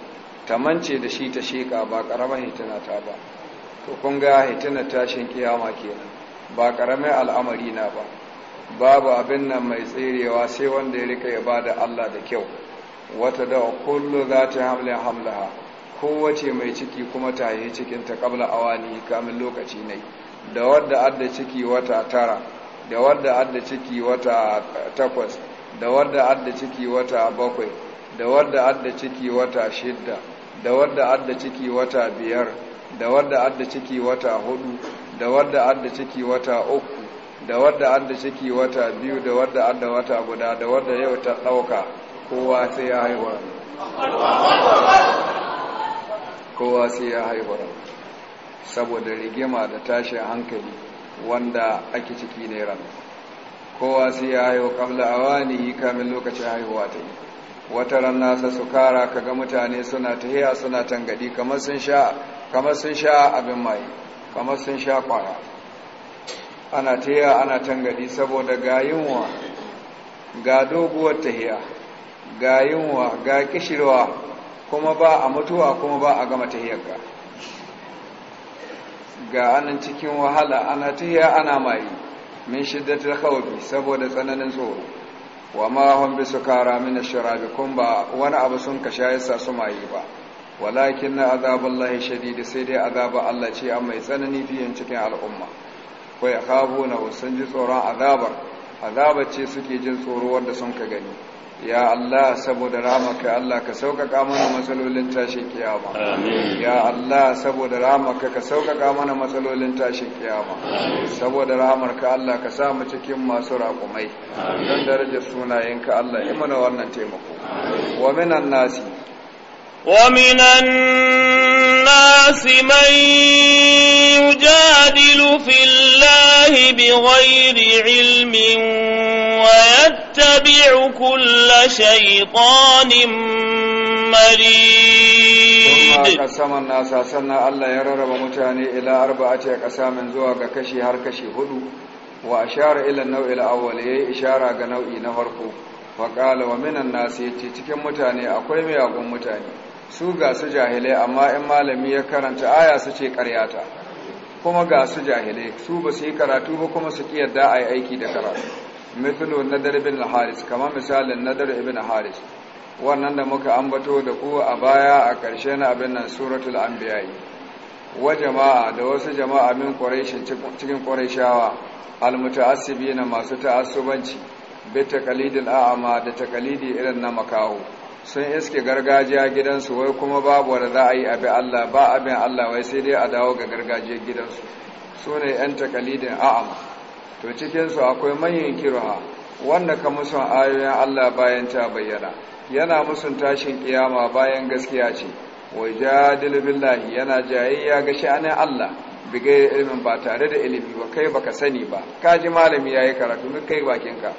S1: ta manci da shi ta sheƙa ba ƙaramar hitina ta ba to kun ga ta tashin kiyama kenan ba ƙaramar al'amari na ba babu abin nan mai tserewa sai wanda ya rika ya ba da Allah da kyau wata da kullu za ta hamlin hamlaha kowace mai ciki kuma ta yi cikinta kabla awani kamin lokaci ne da wadda adda ciki wata tara da wadda adda ciki wata takwas da wadda adda ciki wata bakwai da wadda adda ciki wata shidda da wadda adda ciki wata biyar da wadda adda ciki wata hudu da wadda adda ciki wata uku da wadda adda ciki wata biyu da wadda adda wata guda da wadda yau ta dauka kowa sai ya haihuwa kowa sai ya haihuwar saboda rigima da tashin hankali wanda ake ciki ne ran kowa sai ya haihu kamla yi kamin lokacin haihuwa ta yi wata ran nasa su kara ga mutane suna tahiya suna tangadi kamar sun sha abin mai kamar sun sha kwaya ana tahiya ana tangadi saboda ga yunwa ga doguwar tahiya ga yunwa ga kishirwa kuma ba a mutuwa kuma ba a gama tahiyarka ga anan cikin wahala ana tahiya ana mai min shiddatul khawfi saboda tsananin tsoro wa ma hum bisukara min ash-sharabi kun ba wani abu sun ka shaye su maye ba walakin na shadid sai dai azaba Allah ce amma mai tsanani fiye cikin al'umma wa yakhafuna sun ji tsoron azabar azabar ce suke jin tsoro wanda sun ka gani ya Allah saboda ramaka Allah ka sauƙaƙa mana matsalolin tashin kiyama ya Allah saboda ramaka ka sauƙaƙa mana matsalolin tashin kiyama saboda ramarka Allah ka samu cikin masu raƙumai don darajar sunayenka Allah imana wannan taimako wa minan nasi wa minan الناس من يجادل
S2: في الله بغير علم ويتبع يتبع كل شيطان مريد
S1: قسم الناس سنة الله يررب متاني إلى أربعة قسام زوغ كشي هر كشي هدو وأشار إلى النوع الأول إشارة نوعي نهركو وقال ومن الناس يتي cikin mutane akwai miyagun mutane su ga su jahilai amma in malami ya karanta aya su ce karyata kuma ga su jahilai su ba su yi karatu ba kuma su ƙi yarda a yi aiki da karatu مثل النذر بن الحارث kamar misalin النذر ابن حارث wannan da muka ambato da ku a baya a ƙarshe na abin nan suratul anbiya'i wa jama'a da wasu jama'a min quraishin cikin quraishawa almutaassibina masu ta'assubanci bi taqalidil a'ama da taqalidi irin na makawo sun iske gargajiya gidansu wai kuma babu wanda za a yi abin Allah ba abin Allah wai sai dai a dawo ga gargajiyar gidansu sune yan taqalidin a'ama to cikinsu akwai manyan kiruha wanda ka musun ayoyin Allah bayan ta bayyana yana musun tashin kiyama bayan gaskiya ce wa jadil billahi yana jayayya ga sha'anin Allah biga ilimin ba tare da ilimi ba kai baka sani ba ka ji malami yayi karatu mai kai bakinka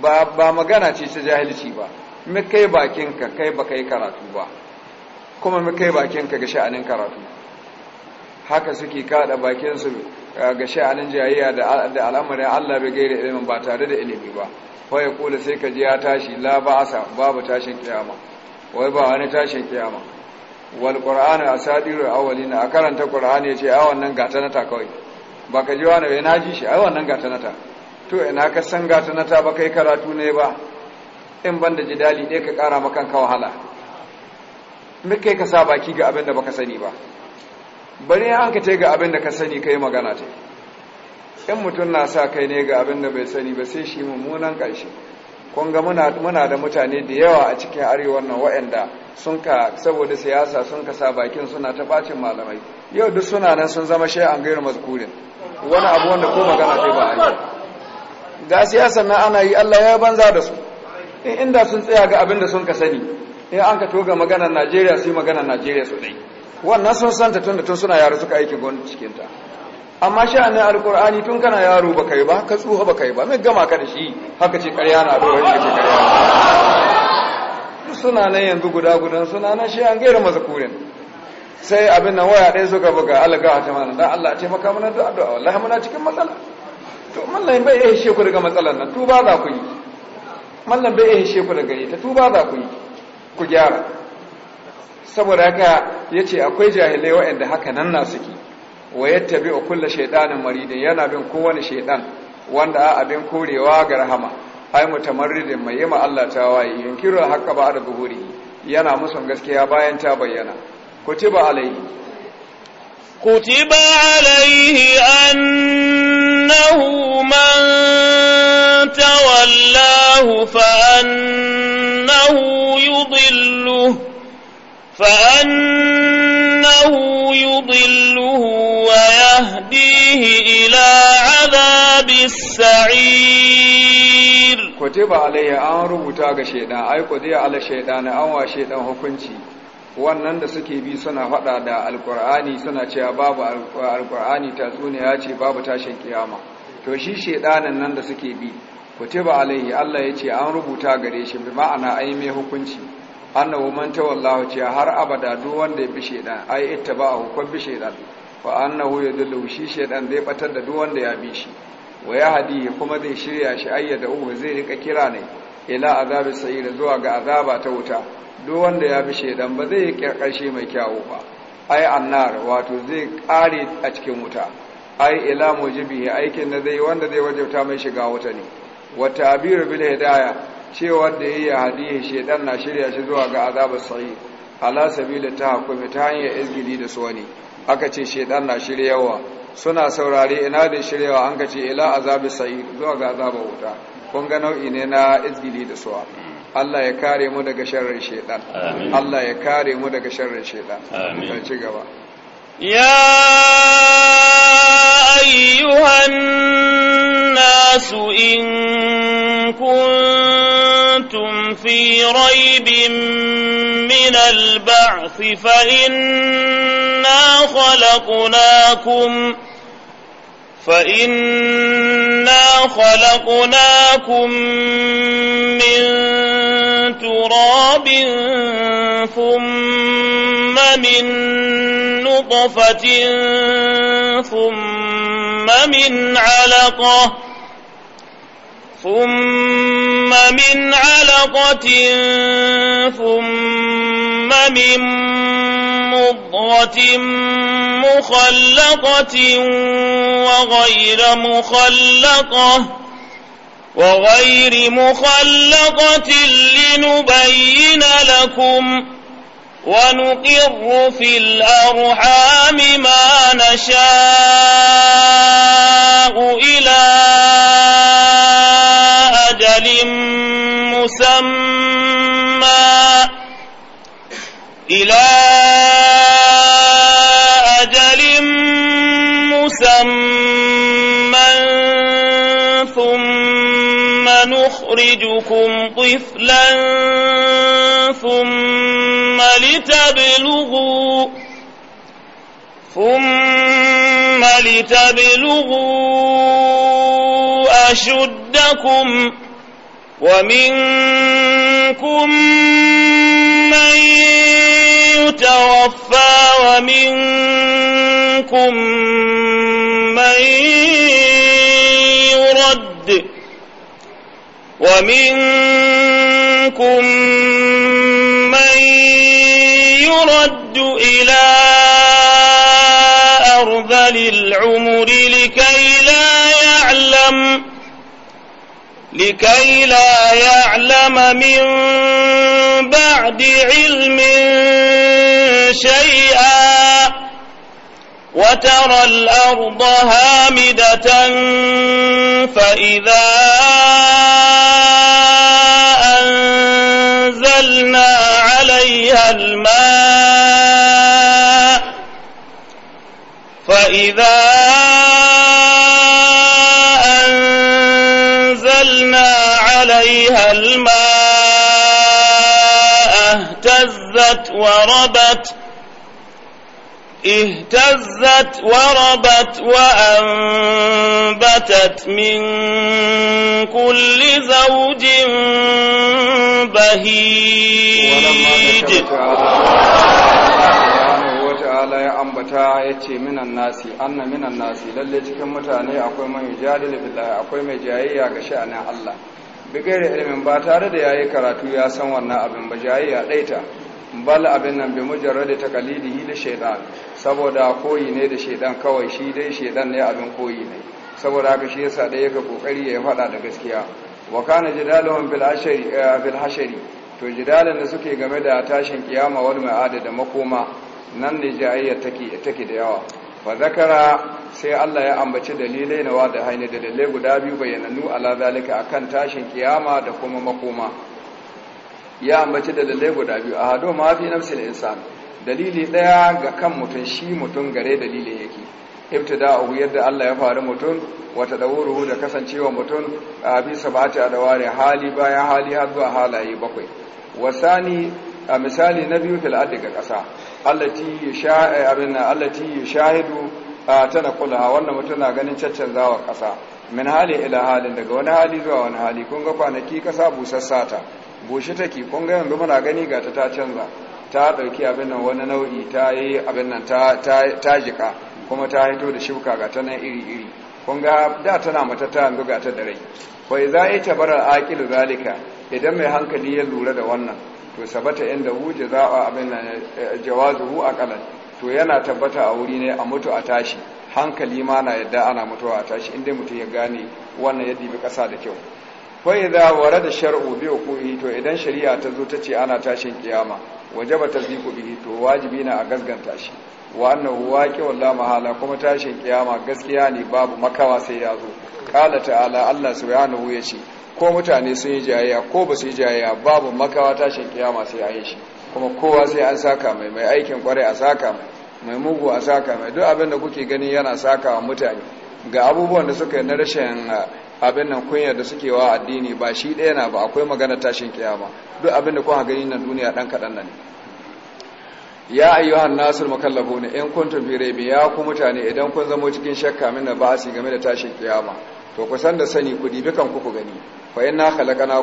S1: ba ba magana ce ta jahilci ba mai kai bakinka kai baka yi karatu ba kuma mai kai bakinka ga sha'anin karatu haka suke kada bakin su ga sha'anin jayayya da al'amarin Allah bai gaira ilimin ba tare da ilimi ba wai ya kula sai ka ji ya tashi la asa babu tashin kiyama wai ba wani tashin kiyama wal qur'ana asadiru awwalina a karanta qur'ani yace a wannan gata nata kawai baka ji wani bai naji shi a wannan gata nata to ina ka san gata nata ba kai karatu ne ba in banda jidali dai ka kara maka wahala me kai ka sa baki ga abin da baka sani ba bari ya an ka ga abin da ka sani ka yi magana ta in mutum na sa kai ne ga abin da bai sani ba sai shi mummunan ƙarshe kun ga muna da mutane da yawa a cikin arewa nan wa'anda sun ka saboda siyasa sun ka sa bakin suna ta bacin malamai yau duk suna nan sun zama shi an gairu mazkurin wani abu wanda ko magana ta ba a
S3: yi
S1: ga siyasa na ana yi allah ya banza da su in inda sun tsaya ga abin da sun ka sani in an ka toga maganar najeriya su yi maganar najeriya su dai wannan sun santa tun da tun suna yaro suka aikin gwamnati cikinta amma sha ne alkur'ani tun kana yaro baka yi ba ka tsuha baka yi ba mai gama ka da shi haka ce karya na doron da ce karya suna nan yanzu guda gudan suna nan shi an gaira kurin sai abin nan waya ɗaya suka buga alaga ta mana dan Allah ce maka mana da addu'a wallahi muna cikin matsala to mallan bai yi sheku ku daga matsalan nan tuba za ku yi mallan bai yi hishe ku daga ita tuba za ku yi ku gyara saboda haka ya ce akwai jahilai waɗanda haka nan na suke wa yadda bi a kulla shaidanin maridin yana bin kowane shaidan wanda a abin korewa ga rahama ai mutamarridin mai yi Allah ta waye yunkiru haka ba da buhuri yana musun gaskiya bayan ta bayyana kutiba alaihi
S2: kutiba alaihi annahu man tawallahu fa annahu yudilluhu فأنه يضله ويهديه إلى عذاب السعير
S1: كتب عليه أن ربطا الشيطان أي قضي على الشيطان أو الشيطان hukunci wannan da suke bi suna faɗa da alkur'ani suna cewa babu alkur'ani tatsuniya ce babu tashin kiyama to shi shedanin nan da suke bi kutiba alaihi Allah ya ce an rubuta gare shi bi ma'ana ai mai hukunci annahu man tawallahu ce har abada duk wanda ya bi shaidan ai ittaba'ahu kun bi shaidan fa annahu yadullu shi shedan zai batar da duk wanda ya bi shi wa yahdi kuma zai shirya shi ayyada uhu zai rika kira ne ila azabi sa'ir zuwa ga azaba ta wuta duk wanda ya bi shedan ba zai kirkashe mai kyawu ba ai annar wato zai kare a cikin wuta ai ila mujibi aikin da zai wanda zai wajabta mai shiga wuta ne wa ta'biru bil hidayah cewa da yayi hadihi shedan na shirya shi zuwa ga azabar sahi ala sabila ta hukumi ta hanyar izgili da suwani aka ce shedan na shiryawa suna saurare ina da shiryawa an ka ce ila azabar sa'i zuwa ga azabar wuta kun ga nau'i ne na izgili da suwa Allah ya kare mu daga sharrin shedan Allah ya kare mu daga sharrin shedan amin ci gaba
S2: ya ayyuhan nasu in كنتم كنتم في ريب من البعث فإنا خلقناكم فإنا خلقناكم من تراب ثم من نطفة ثم من علقه ثم من علقة ثم من مضغة مخلقة وغير مخلقة وغير مخلقة لنبين لكم ونقر في الأرحام ما نشاء إلى أجل مسمى يعدكم طفلا ثم لتبلغوا ثم لتبلغوا أشدكم ومنكم من يتوفى ومنكم من ومنكم من يرد إلى أرذل العمر لكي لا يعلم لكي لا يعلم من بعد علم شيئا وترى الأرض هامدة فإذا أنزلنا عليها الماء فإذا أنزلنا عليها الماء اهتزت وربت ۖ اهتزت وربت وأنبتت من كل زوج
S1: بهيج ta'ala ya ambata ya ce minan nasi anna minan nasi lalle cikin mutane akwai mai jadil billahi akwai mai jayayya ga sha'anin Allah bigare ilimin ba tare da yayi karatu ya san wannan abin ba jayayya daita bal abin nan bi mujarrad taqalidi li shaytan saboda koyi ne da shedan kawai shi dai shedan ne abin koyi ne saboda haka shi yasa dai yake kokari ya faɗa da gaskiya wa kana jidaluhum bil ashari bil eh, hashari to jidalan da suke game da tashin kiyama wal ma'ad da makoma nan ne jayayya take take da yawa fa zakara sai Allah ya ambaci dalilai na wada haini da dalilai guda biyu bayyananu ala zalika akan tashin kiyama da kuma makoma ya ambaci dalilai guda biyu ahadu ma fi nafsil insani dalili ɗaya ga kan mutum shi mutum gare dalilin yake ibtida'uhu yadda Allah ya faru mutum wata dawuruhu da kasancewa mutum a bisa ba ta da ware hali bayan hali har zuwa halaye bakwai wasani a misali na biyu fil adiga ga ƙasa allati yasha'i eh, abin allati yashahidu tana kulaha wannan mutum na ganin caccanzawa kasa min hali ila halin daga wani hali zuwa wani hali kun ga kwanaki ƙasa busassa ta bushe take kun ga yanzu muna gani ga ta canza ta ɗauki abin nan wani nau'i ta yi abin nan ta jika kuma ta haito da shuka ga ta nan iri-iri kun da tana matata yanzu ga ta da rai wai za a yi zalika idan mai hankali ya lura da wannan to sabata inda huje za a abin nan eh, jawazu hu a to yana tabbata a wuri ne a mutu a tashi hankali ma na yadda ana mutuwa a tashi inda mutum ya gane wannan ya dibi ƙasa da kyau fa idza warada shar'u bi uquhi to idan shari'a ta zo ta ce ana tashin kiyama wajaba tasdiqu bihi to wajibi na a gasganta shi wa annahu waqi la mahala kuma tashin kiyama gaskiya ne babu makawa sai ya zo qala ta'ala Allah subhanahu ya ce ko mutane sun yi jayayya ko ba su yi jayayya babu makawa tashin kiyama sai ya yi shi kuma kowa sai an saka mai mai aikin kwarai a saka mai mai mugu a saka mai duk abin da kuke gani yana saka wa mutane ga abubuwan da suka yi na rashin abin nan kunya da suke wa addini ba shi ɗaya na ba akwai magana tashin kiyama duk abin da kuka gani na duniya ɗan kaɗan nan ya nasir nasul ne in kuntum fi raybi ya ku mutane idan kun zamo cikin shakka min da ba'asi game da tashin kiyama to ku san da sani ku dibi kan ku gani fa inna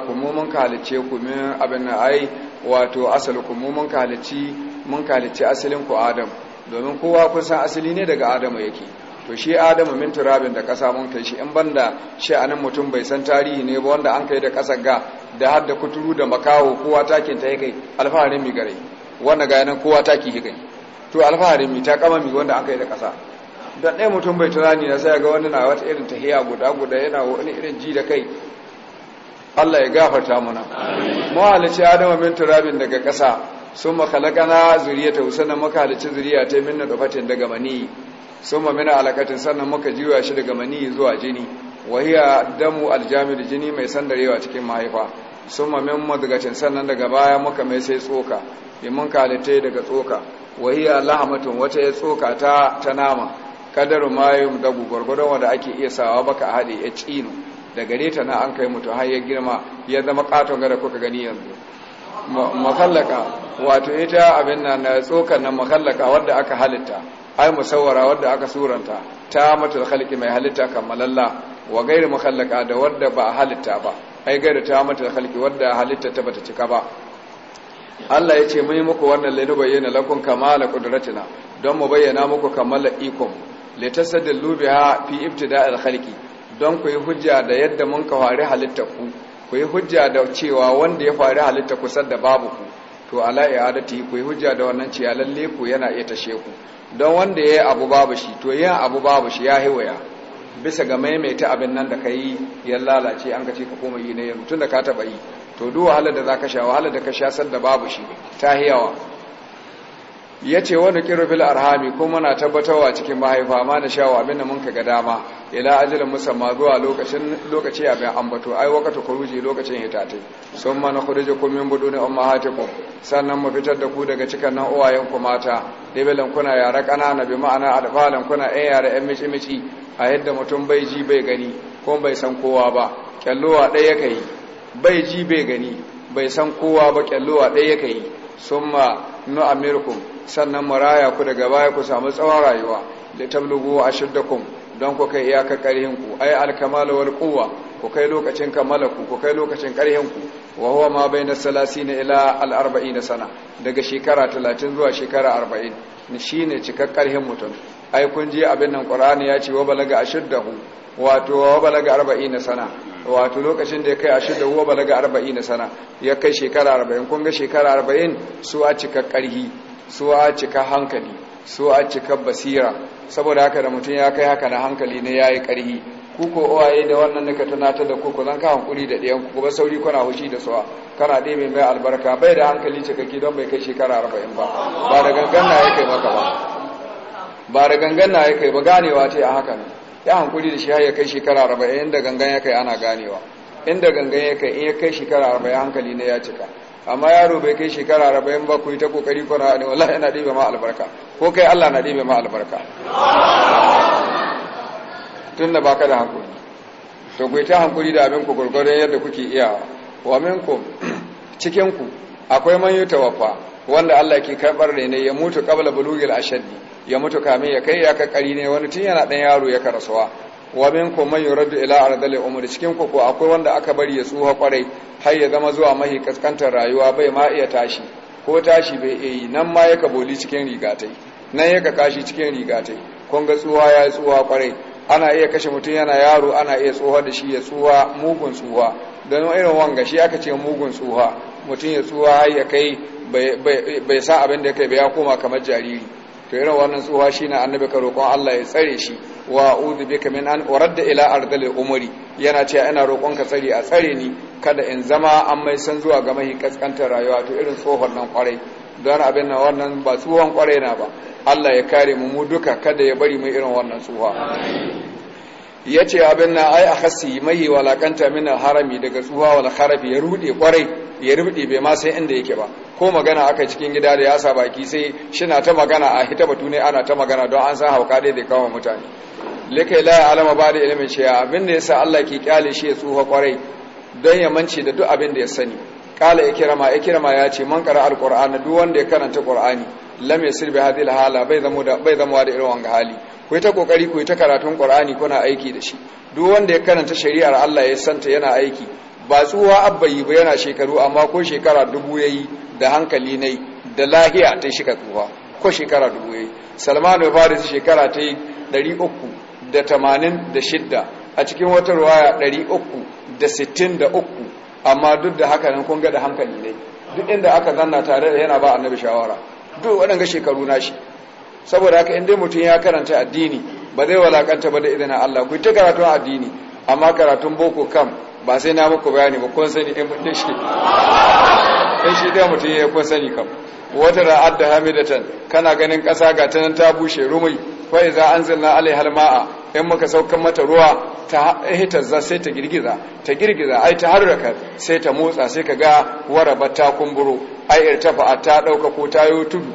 S1: ku mu mun kalice ku min abin nan ai wato ku mu mun kalici mun kalici asalin ku adam domin kowa kun san asali ne daga adamu yake to shi adamu min turabin da ƙasa mun kai shi in banda nan mutum bai san tarihi ne ba wanda an kai da ƙasar ga da har da kuturu da makaho kowa takin ta kai alfaharin mi gare wanda ga yanan kowa taki hikai to alfaharin mi ta kama mi wanda an kai da ƙasa dan ɗaya mutum bai tunani na sai ga wani na wata irin tahiya guda guda yana wani irin ji da kai Allah ya gafarta mana mu halice adamu min turabin daga ƙasa sun makalakana zuriyata husanna makalici zuriyata minna dufatin daga mani sun mamina alaƙatin sannan muka jiwa shi daga mani zuwa jini wahiya damu aljamil jini mai sandarewa cikin mahaifa sun mamin madagacin sannan daga baya muka mai sai tsoka bi mun kalite daga tsoka wahiya lahamatun wata ya tsoka ta ta nama kadarin mayum da gwargwadon wanda ake iya sawa baka haɗe ya cino da gare ta na an kai mutu har ya girma ya zama katon gada kuka gani yanzu makallaka wato ita abin nan tsokan nan makallaka wanda aka halitta ai musawara wadda aka suranta ta matul khalqi mai halitta kamalalla wa gairu mukhallaka da wadda ba halitta ba ai gairu ta matul khalqi wadda halitta ta bata cika ba Allah ya ce mun yi muku wannan laidu bayyana lakum kamala qudratina don mu bayyana muku kamala ikon litasadillu biha fi ibtida'il khalqi don ku yi hujja da yadda mun ka halitta ku ku yi hujja da cewa wanda ya fari halitta ku sadda babu ku to ala i'adati ku yi hujja da wannan ce lalle ku yana iya tashe ku don wanda yayi abu babu shi to yin abu babu shi ya hiwaya bisa ga maimaita abin nan da kai ya lalace an kace ka koma yi ne yanzu tunda ka taba yi to duk wahalar da zaka sha wahalar da ka sha san da babu shi ta hiyawa yace wani kirubil arhami kuma na tabbatarwa cikin mahaifa ma na shawo abin da mun ka ga dama ila ajalin musamman zuwa lokacin lokaci a bayan ambato ai wakatu kuruji lokacin hitatai sun mana kudaje kumin budu ne amma hatiku sannan mu fitar da ku daga cikin nan uwayen ku mata dibilan kuna yara kanana bi ma'ana alfalan kuna ɗan yara ɗan mici mici a yadda mutum bai ji bai gani ko bai san kowa ba kyallowa ɗaya ka yi bai ji bai gani bai san kowa ba kyallowa ɗaya ka yi sun ma nu amirkum sannan maraya ku daga baya ku samu tsawon rayuwa da a ashiddakum don ku kai iyaka ƙarhinku ai alkamala wal quwwa ku kai lokacin kamalaku ku kai lokacin ƙarhinku wa huwa ma bayna salasina ila al arba'ina sana daga shekara 30 zuwa shekara 40 shine cikar ƙarhin mutum ai kun ji abin nan qur'ani ya ce wa balaga ashuddahu wato wa balaga 40 sana wato lokacin da ya kai ashuddahu wa balaga 40 sana ya kai shekara 40 kun ga shekara 40 su a cika ƙarhi su a cika hankali so a cikar basira saboda haka da mutum ya kai haka na hankali ne ya yi ƙarhi kuko oaye da wannan nika tunatar da kuku zan ka hankuli da ɗayan kuku ba sauri kuna hushi da suwa kana ɗebe mai albarka bai da hankali cikakki don bai kai shekara arba'in ba ba da gangan na ya kai maka ba ba da gangan na ya kai ba ganewa ce a haka ne ya hankuli da shi har ya kai shekara arba'in da gangan ya kai ana ganewa inda gangan ya kai in ya kai shekara arba'in hankali ne ya cika amma yaro bai kai shekara arba'in ba ku yi ta kokari ko na wallahi yana ɗebe ma albarka ko kai Allah na ɗebe ma albarka tun da baka da hankuri to ku yi ta hankuri da abin ku gurgurdan yadda kuke iya wa minku cikin ku akwai man yutawaffa wanda Allah ke karbar da ne ya mutu qabla bulugil ashaddi ya mutu kamin ya kai ya kakkari ne wani tun yana dan yaro ya karasuwa wa minku man yuraddu ila ardali umri cikin ku ko akwai wanda aka bari ya tsuha kwarai har ya zama zuwa mahi kaskantar rayuwa bai ma iya tashi ko tashi bai iya yi nan ma ya boli cikin rigatai nan ya kashi cikin rigatai kun ga tsuwa ya yi tsuwa kwarai ana iya kashe mutum yana yaro ana iya tsuwa da shi ya tsuwa mugun tsuwa don irin wanga shi aka ce mugun tsuwa mutum ya tsuwa har ya kai bai sa abin da ya kai bai ya koma kamar jariri to irin wannan tsuwa shi na annabi karo kwan Allah ya tsare shi wa udu bika min an uradda ila ardal umri yana cewa ina roƙon ka tsari a tsare ni kada in zama an mai san zuwa ga mai kaskantar rayuwa to irin tsohon nan kwarai don abin nan wannan ba tsohon kwarai na ba Allah ya kare mu mu duka kada ya bari mu irin wannan tsoha ya ce abin nan ai a hasi mai walakanta min harami daga tsoha wal harafi ya rude kwarai ya rubdi bai ma sai inda yake ba ko magana aka cikin gida da ya sa baki sai shi na ta magana a hita batu ne ana ta magana don an san hauka dai da kawo mutane likai la alama ba da ilimin shi abin da yasa Allah ke kyale shi ya tsufa kwarai don ya mance da duk abin da ya sani kala ikirama ikirama ya ce man kara alqur'ana duk wanda ya karanta qur'ani lam yasir bi hala bai zama da bai da irin wanga hali ku ta kokari ku ta karatun qur'ani kuna aiki da shi duk wanda ya karanta shari'ar Allah ya santa yana aiki ba tsuwa abba yi ba yana shekaru amma ko shekara dubu ya yi da hankali na yi da lahiya ta shika tsuwa ko shekara dubu ya yi salman al-faris shekara ta yi 386 a cikin wata ruwaya 363 amma duk da haka nan kun ga da hankali ne duk inda aka zanna tare da yana ba annabi shawara duk waɗanga shekaru na shi saboda haka inda mutum ya karanta addini ba zai walakanta ba da idan Allah ku ta karatun addini amma karatun boko kam ba sai na muku bayani ba kun sani in mun shi in shi da mutum ya kun sani kam wata ra'ad da hamidatan kana ganin ƙasa ga ta nan ta bushe rumai fa iza anzalna alaiha alma'a in muka saukan mata ruwa ta za sai ta girgiza ta girgiza ai ta harraka sai ta motsa sai ka ga waraba ta kumburo ai irtafa ta dauka ko ta yi tudu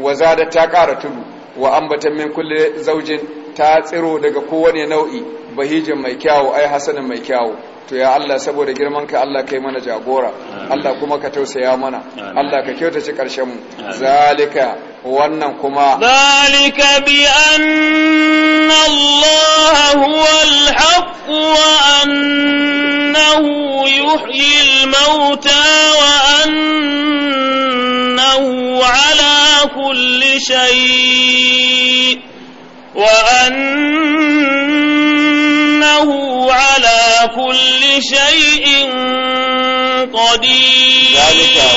S1: wa zada ta ƙara tudu wa ambatan min kulli zaujin ta tsiro daga kowane nau'i bahijin mai kyawu ai hasanin mai kyawu to ya Allah saboda girman ka Allah kai mana jagora Allah kuma ka tausaya mana Allah ka kyautace karshen mu zalika wannan
S2: kuma zalika bi anna
S1: Allah huwa
S2: al-haq wa annahu yuhyi al-mauta wa annahu ala kulli shay wa anna إنه على كل شيء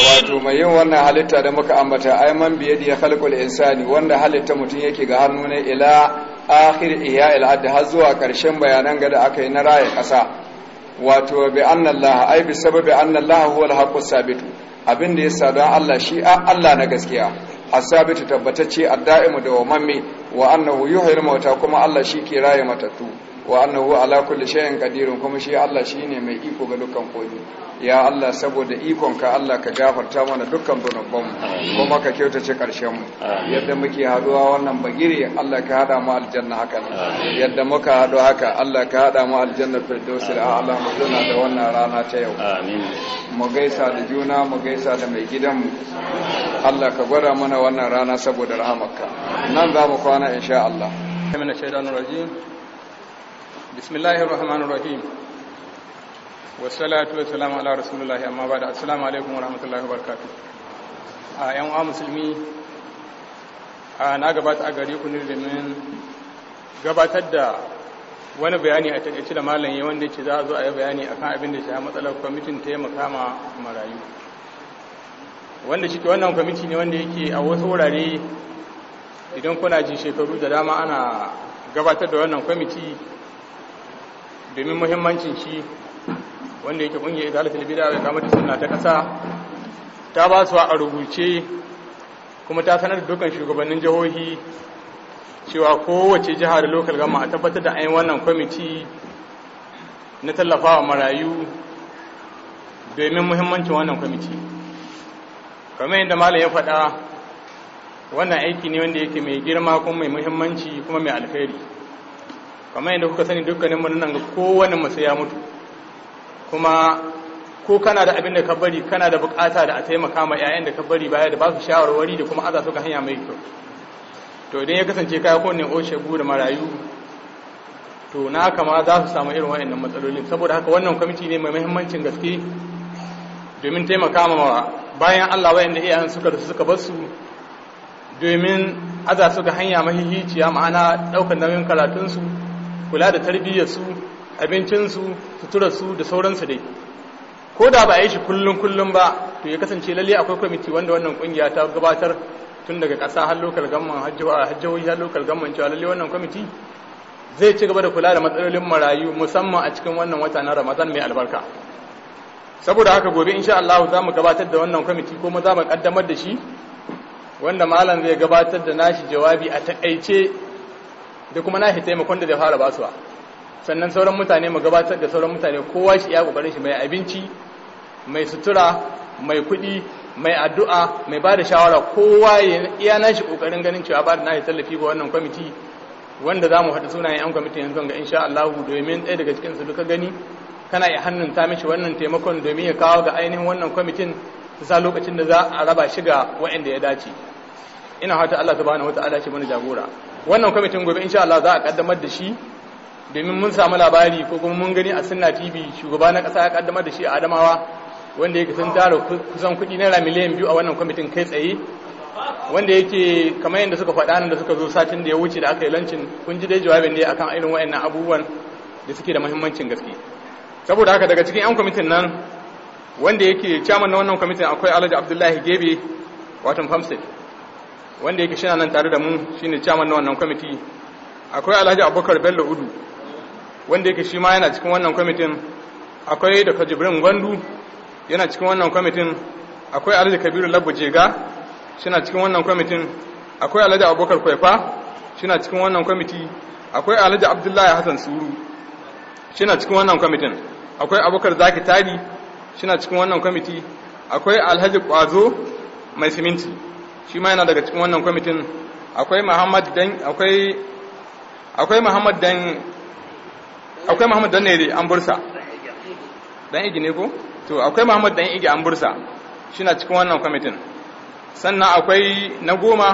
S1: wato mai yin wannan halitta da muka ambata ai man da ya khalqul insani wanda halitta mutum yake ga hannu ne ila akhir ihya'il hadd har zuwa karshen bayanan ga da aka yi na raya kasa wato bi annallaha ai bi sababi annallaha huwal haqqus sabit abin da yasa don Allah Allah na gaskiya asabitu tabbatacce adda'imu da wa mamme wa annahu yuhyil mauta kuma Allah shi ke raye matattu wa annahu ala kulli shay'in qadirun kuma shi Allah shine mai iko ga dukkan koyi ya Allah saboda ikonka Allah ka gafarta mana dukkan zunubanmu kuma ka kyautace mu yadda muke haduwa wannan bagire Allah ka hada mu aljanna haka yadda muka hadu haka Allah ka hada mu aljanna firdausi da Allah mu da wannan rana ta yau mu gaisa da juna mu gaisa da mai gidanmu Allah ka gwada mana wannan rana saboda rahamarka nan za mu kwana insha Allah.
S4: Kamina shaidanun rajim bismillahir rahmanir rahim wa wassalamu ala rasulillahi amma ba da assalamu alaikum wa rahmatullahi wa barakatuh a yan uwa musulmi a na gabata a gare ku ne domin gabatar da wani bayani a takaice da malam ya wanda ce za a zo a yi bayani akan abin da shi a matsalar kwamitin taimaka ma marayu wanda shi wannan kwamiti ne wanda yake a wasu wurare idan kuna ji shekaru da dama ana gabatar da wannan kwamiti domin muhimmancin shi wanda yake kungiyar izalatul bid'a da suna ta kasa ta ba su a rubuce kuma ta sanar da dukkan shugabannin jihohi cewa kowace jiha da lokal gama a tabbatar da ayin wannan kwamiti na tallafawa marayu domin muhimmancin wannan kwamiti kamar yadda malam ya faɗa wannan aiki ne wanda yake mai girma kuma mai muhimmanci kuma mai alkhairi kamar yadda kuka sani dukkanin mu nan ga kowanne mu ya mutu kuma ko kana da abin da ka bari kana da bukata da a taimaka ma 'ya'yan da ka bari baya da ba su shawarwari da kuma aza su ga hanya mai kyau to idan ya kasance kaya ko ne oshe da marayu to na kama za su samu irin wa'annan matsalolin saboda haka wannan kwamiti ne mai muhimmancin gaske domin taimaka ma bayan Allah waɗanda iyayen suka da suka bar su domin aza su ga hanya mahihiciya ma'ana ɗaukar nauyin karatunsu kula da tarbiyyarsu abincinsu suturarsu da sauransu dai ko da ba a yi shi kullum kullum ba to ya kasance lalle akwai kwamiti wanda wannan kungiya ta gabatar tun daga ƙasa har lokal gamman hajjawoyi har lokal gamman cewa lalle wannan kwamiti zai ci gaba da kula da matsalolin marayu musamman a cikin wannan wata na ramadan mai albarka saboda haka gobe insha Allah za mu gabatar da wannan kwamiti ko mu za mu kaddamar da shi wanda malam zai gabatar da nashi jawabi a takaice da kuma na shi taimakon da zai fara basuwa sannan sauran mutane mu gabatar da sauran mutane kowa shi ya kokarin shi mai abinci mai sutura mai kuɗi mai addu'a mai bada da shawara kowa ya na shi kokarin ganin cewa ba da na nashi tallafi ga wannan kwamiti wanda za mu haɗa sunayen 'yan kwamitin yanzu ga insha Allah domin ɗaya daga cikinsu duka gani kana iya hannun ta mishi wannan taimakon domin ya kawo ga ainihin wannan kwamitin su sa lokacin da za a raba shi ga waɗanda ya dace ina hata Allah subhanahu ta'ala shi mana jagora wannan kwamitin gobe insha Allah za a kaddamar da shi domin mun samu labari ko kuma mun gani a sunna tv shugaba na kasa ya kaddamar da shi a adamawa wanda yake sun tara kusan kuɗi naira miliyan biyu a wannan kwamitin kai tsaye wanda yake kamar yadda suka faɗa nan da suka zo satin da ya wuce da aka yi lancin kun ji dai jawabin ne akan irin waɗannan abubuwan da suke da muhimmancin gaske saboda haka daga cikin 'yan kwamitin nan wanda yake chairman na wannan kwamitin akwai alhaji abdullahi gebe watan famsek wanda yake shi nan tare da mu shine chairman na wannan kwamiti akwai Alhaji Abubakar Bello Udu wanda yake shi ma yana cikin wannan kwamitin akwai Dr. Jibrin Gwandu yana cikin wannan kwamitin akwai Alhaji Kabiru Labu Jega shina cikin wannan kwamitin akwai Alhaji Abubakar Kwaifa shina cikin wannan kwamiti akwai Alhaji Abdullahi Hassan Suru shina cikin wannan kwamitin akwai Abubakar Zaki Tadi shina cikin wannan kwamiti akwai Alhaji Kwazo mai siminti shi ma yana daga cikin wannan kwamitin akwai Muhammad dan akwai akwai Muhammad dan akwai Muhammad dan ne an bursa dan igi ne ko to akwai Muhammad dan igi an bursa shi na cikin wannan kwamitin sannan akwai na goma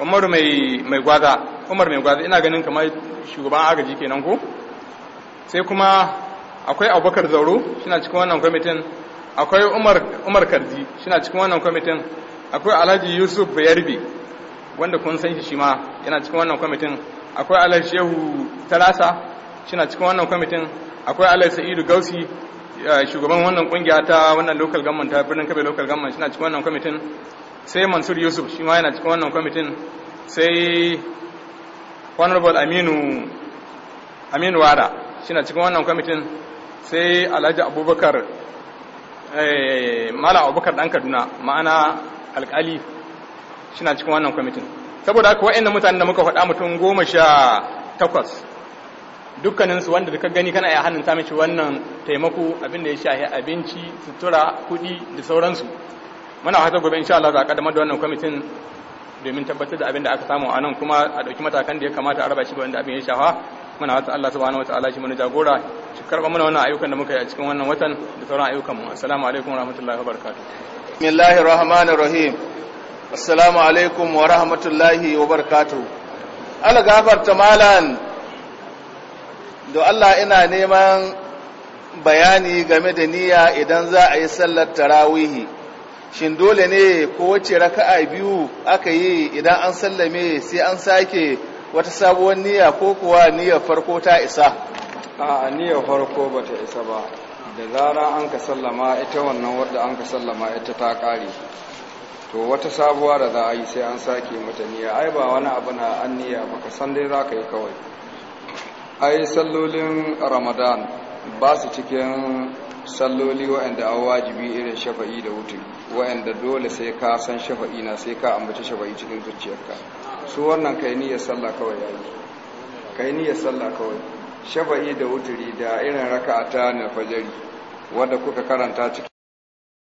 S4: Umar mai mai gwaza Umar mai gwaza ina ganin kamar shugaban agaji kenan ko sai kuma akwai Abubakar Zauro shi na cikin wannan kwamitin akwai Umar Umar Karji shi na cikin wannan kwamitin akwai alhaji yusuf bayarbi wanda kun san shi ma yana cikin wannan kwamitin akwai alhaji shehu shi na cikin wannan kwamitin akwai alhaji sa'idu gausi shugaban wannan kungiya ta wannan local government ta birnin kabe local government na cikin wannan kwamitin sai mansur yusuf shi ma yana cikin wannan kwamitin sai honorable aminu aminu wada shi na cikin wannan kwamitin sai alhaji abubakar eh, mala abubakar dan kaduna ma'ana alkali na cikin wannan kwamitin saboda haka wa'annan mutanen da muka faɗa mutum goma sha takwas dukkaninsu wanda duka gani kana iya hannun ta wannan taimako abin da ya shahi abinci sutura kuɗi da sauransu muna hata gobe insha Allah za a kaddamar da wannan kwamitin domin tabbatar da abin da aka samu a nan kuma a ɗauki matakan da ya kamata a raba shi wanda abin ya shafa muna hata Allah subhanahu wataala shi mana jagora shi karɓa mana wannan ayyukan da muka yi a cikin wannan watan da sauran ayyukan mu assalamu alaikum warahmatullahi wabarakatuh بسم الله الرحمن الرحيم السلام عليكم ورحمة الله وبركاته ألا غافر تمالا دو الله إنا bayani game da niyya idan za a yi sallar tarawihi shin dole ne ko wace raka'a biyu aka yi idan an sallame sai an sake wata sabuwar niyya ko kuwa niyyar farko ta isa
S1: a niyyar farko bata isa ba da zara an ka sallama ita wannan wadda an ka sallama ita ta ƙare to wata sabuwa da za a yi sai an sake mata ai ba wani abu na an ba ka san dai za ka yi kawai ai sallolin ramadan ba su cikin salloli wa'anda an wajibi irin shafa'i da wutu wa'anda dole sai ka san shafa'i na sai ka ambaci shafa'i cikin zuciyarka su wannan kai niyyar sallah kawai yi kai niyyar sallah kawai shafa'i da wuturi da irin raka'a ta na fajari wanda kuka karanta cikin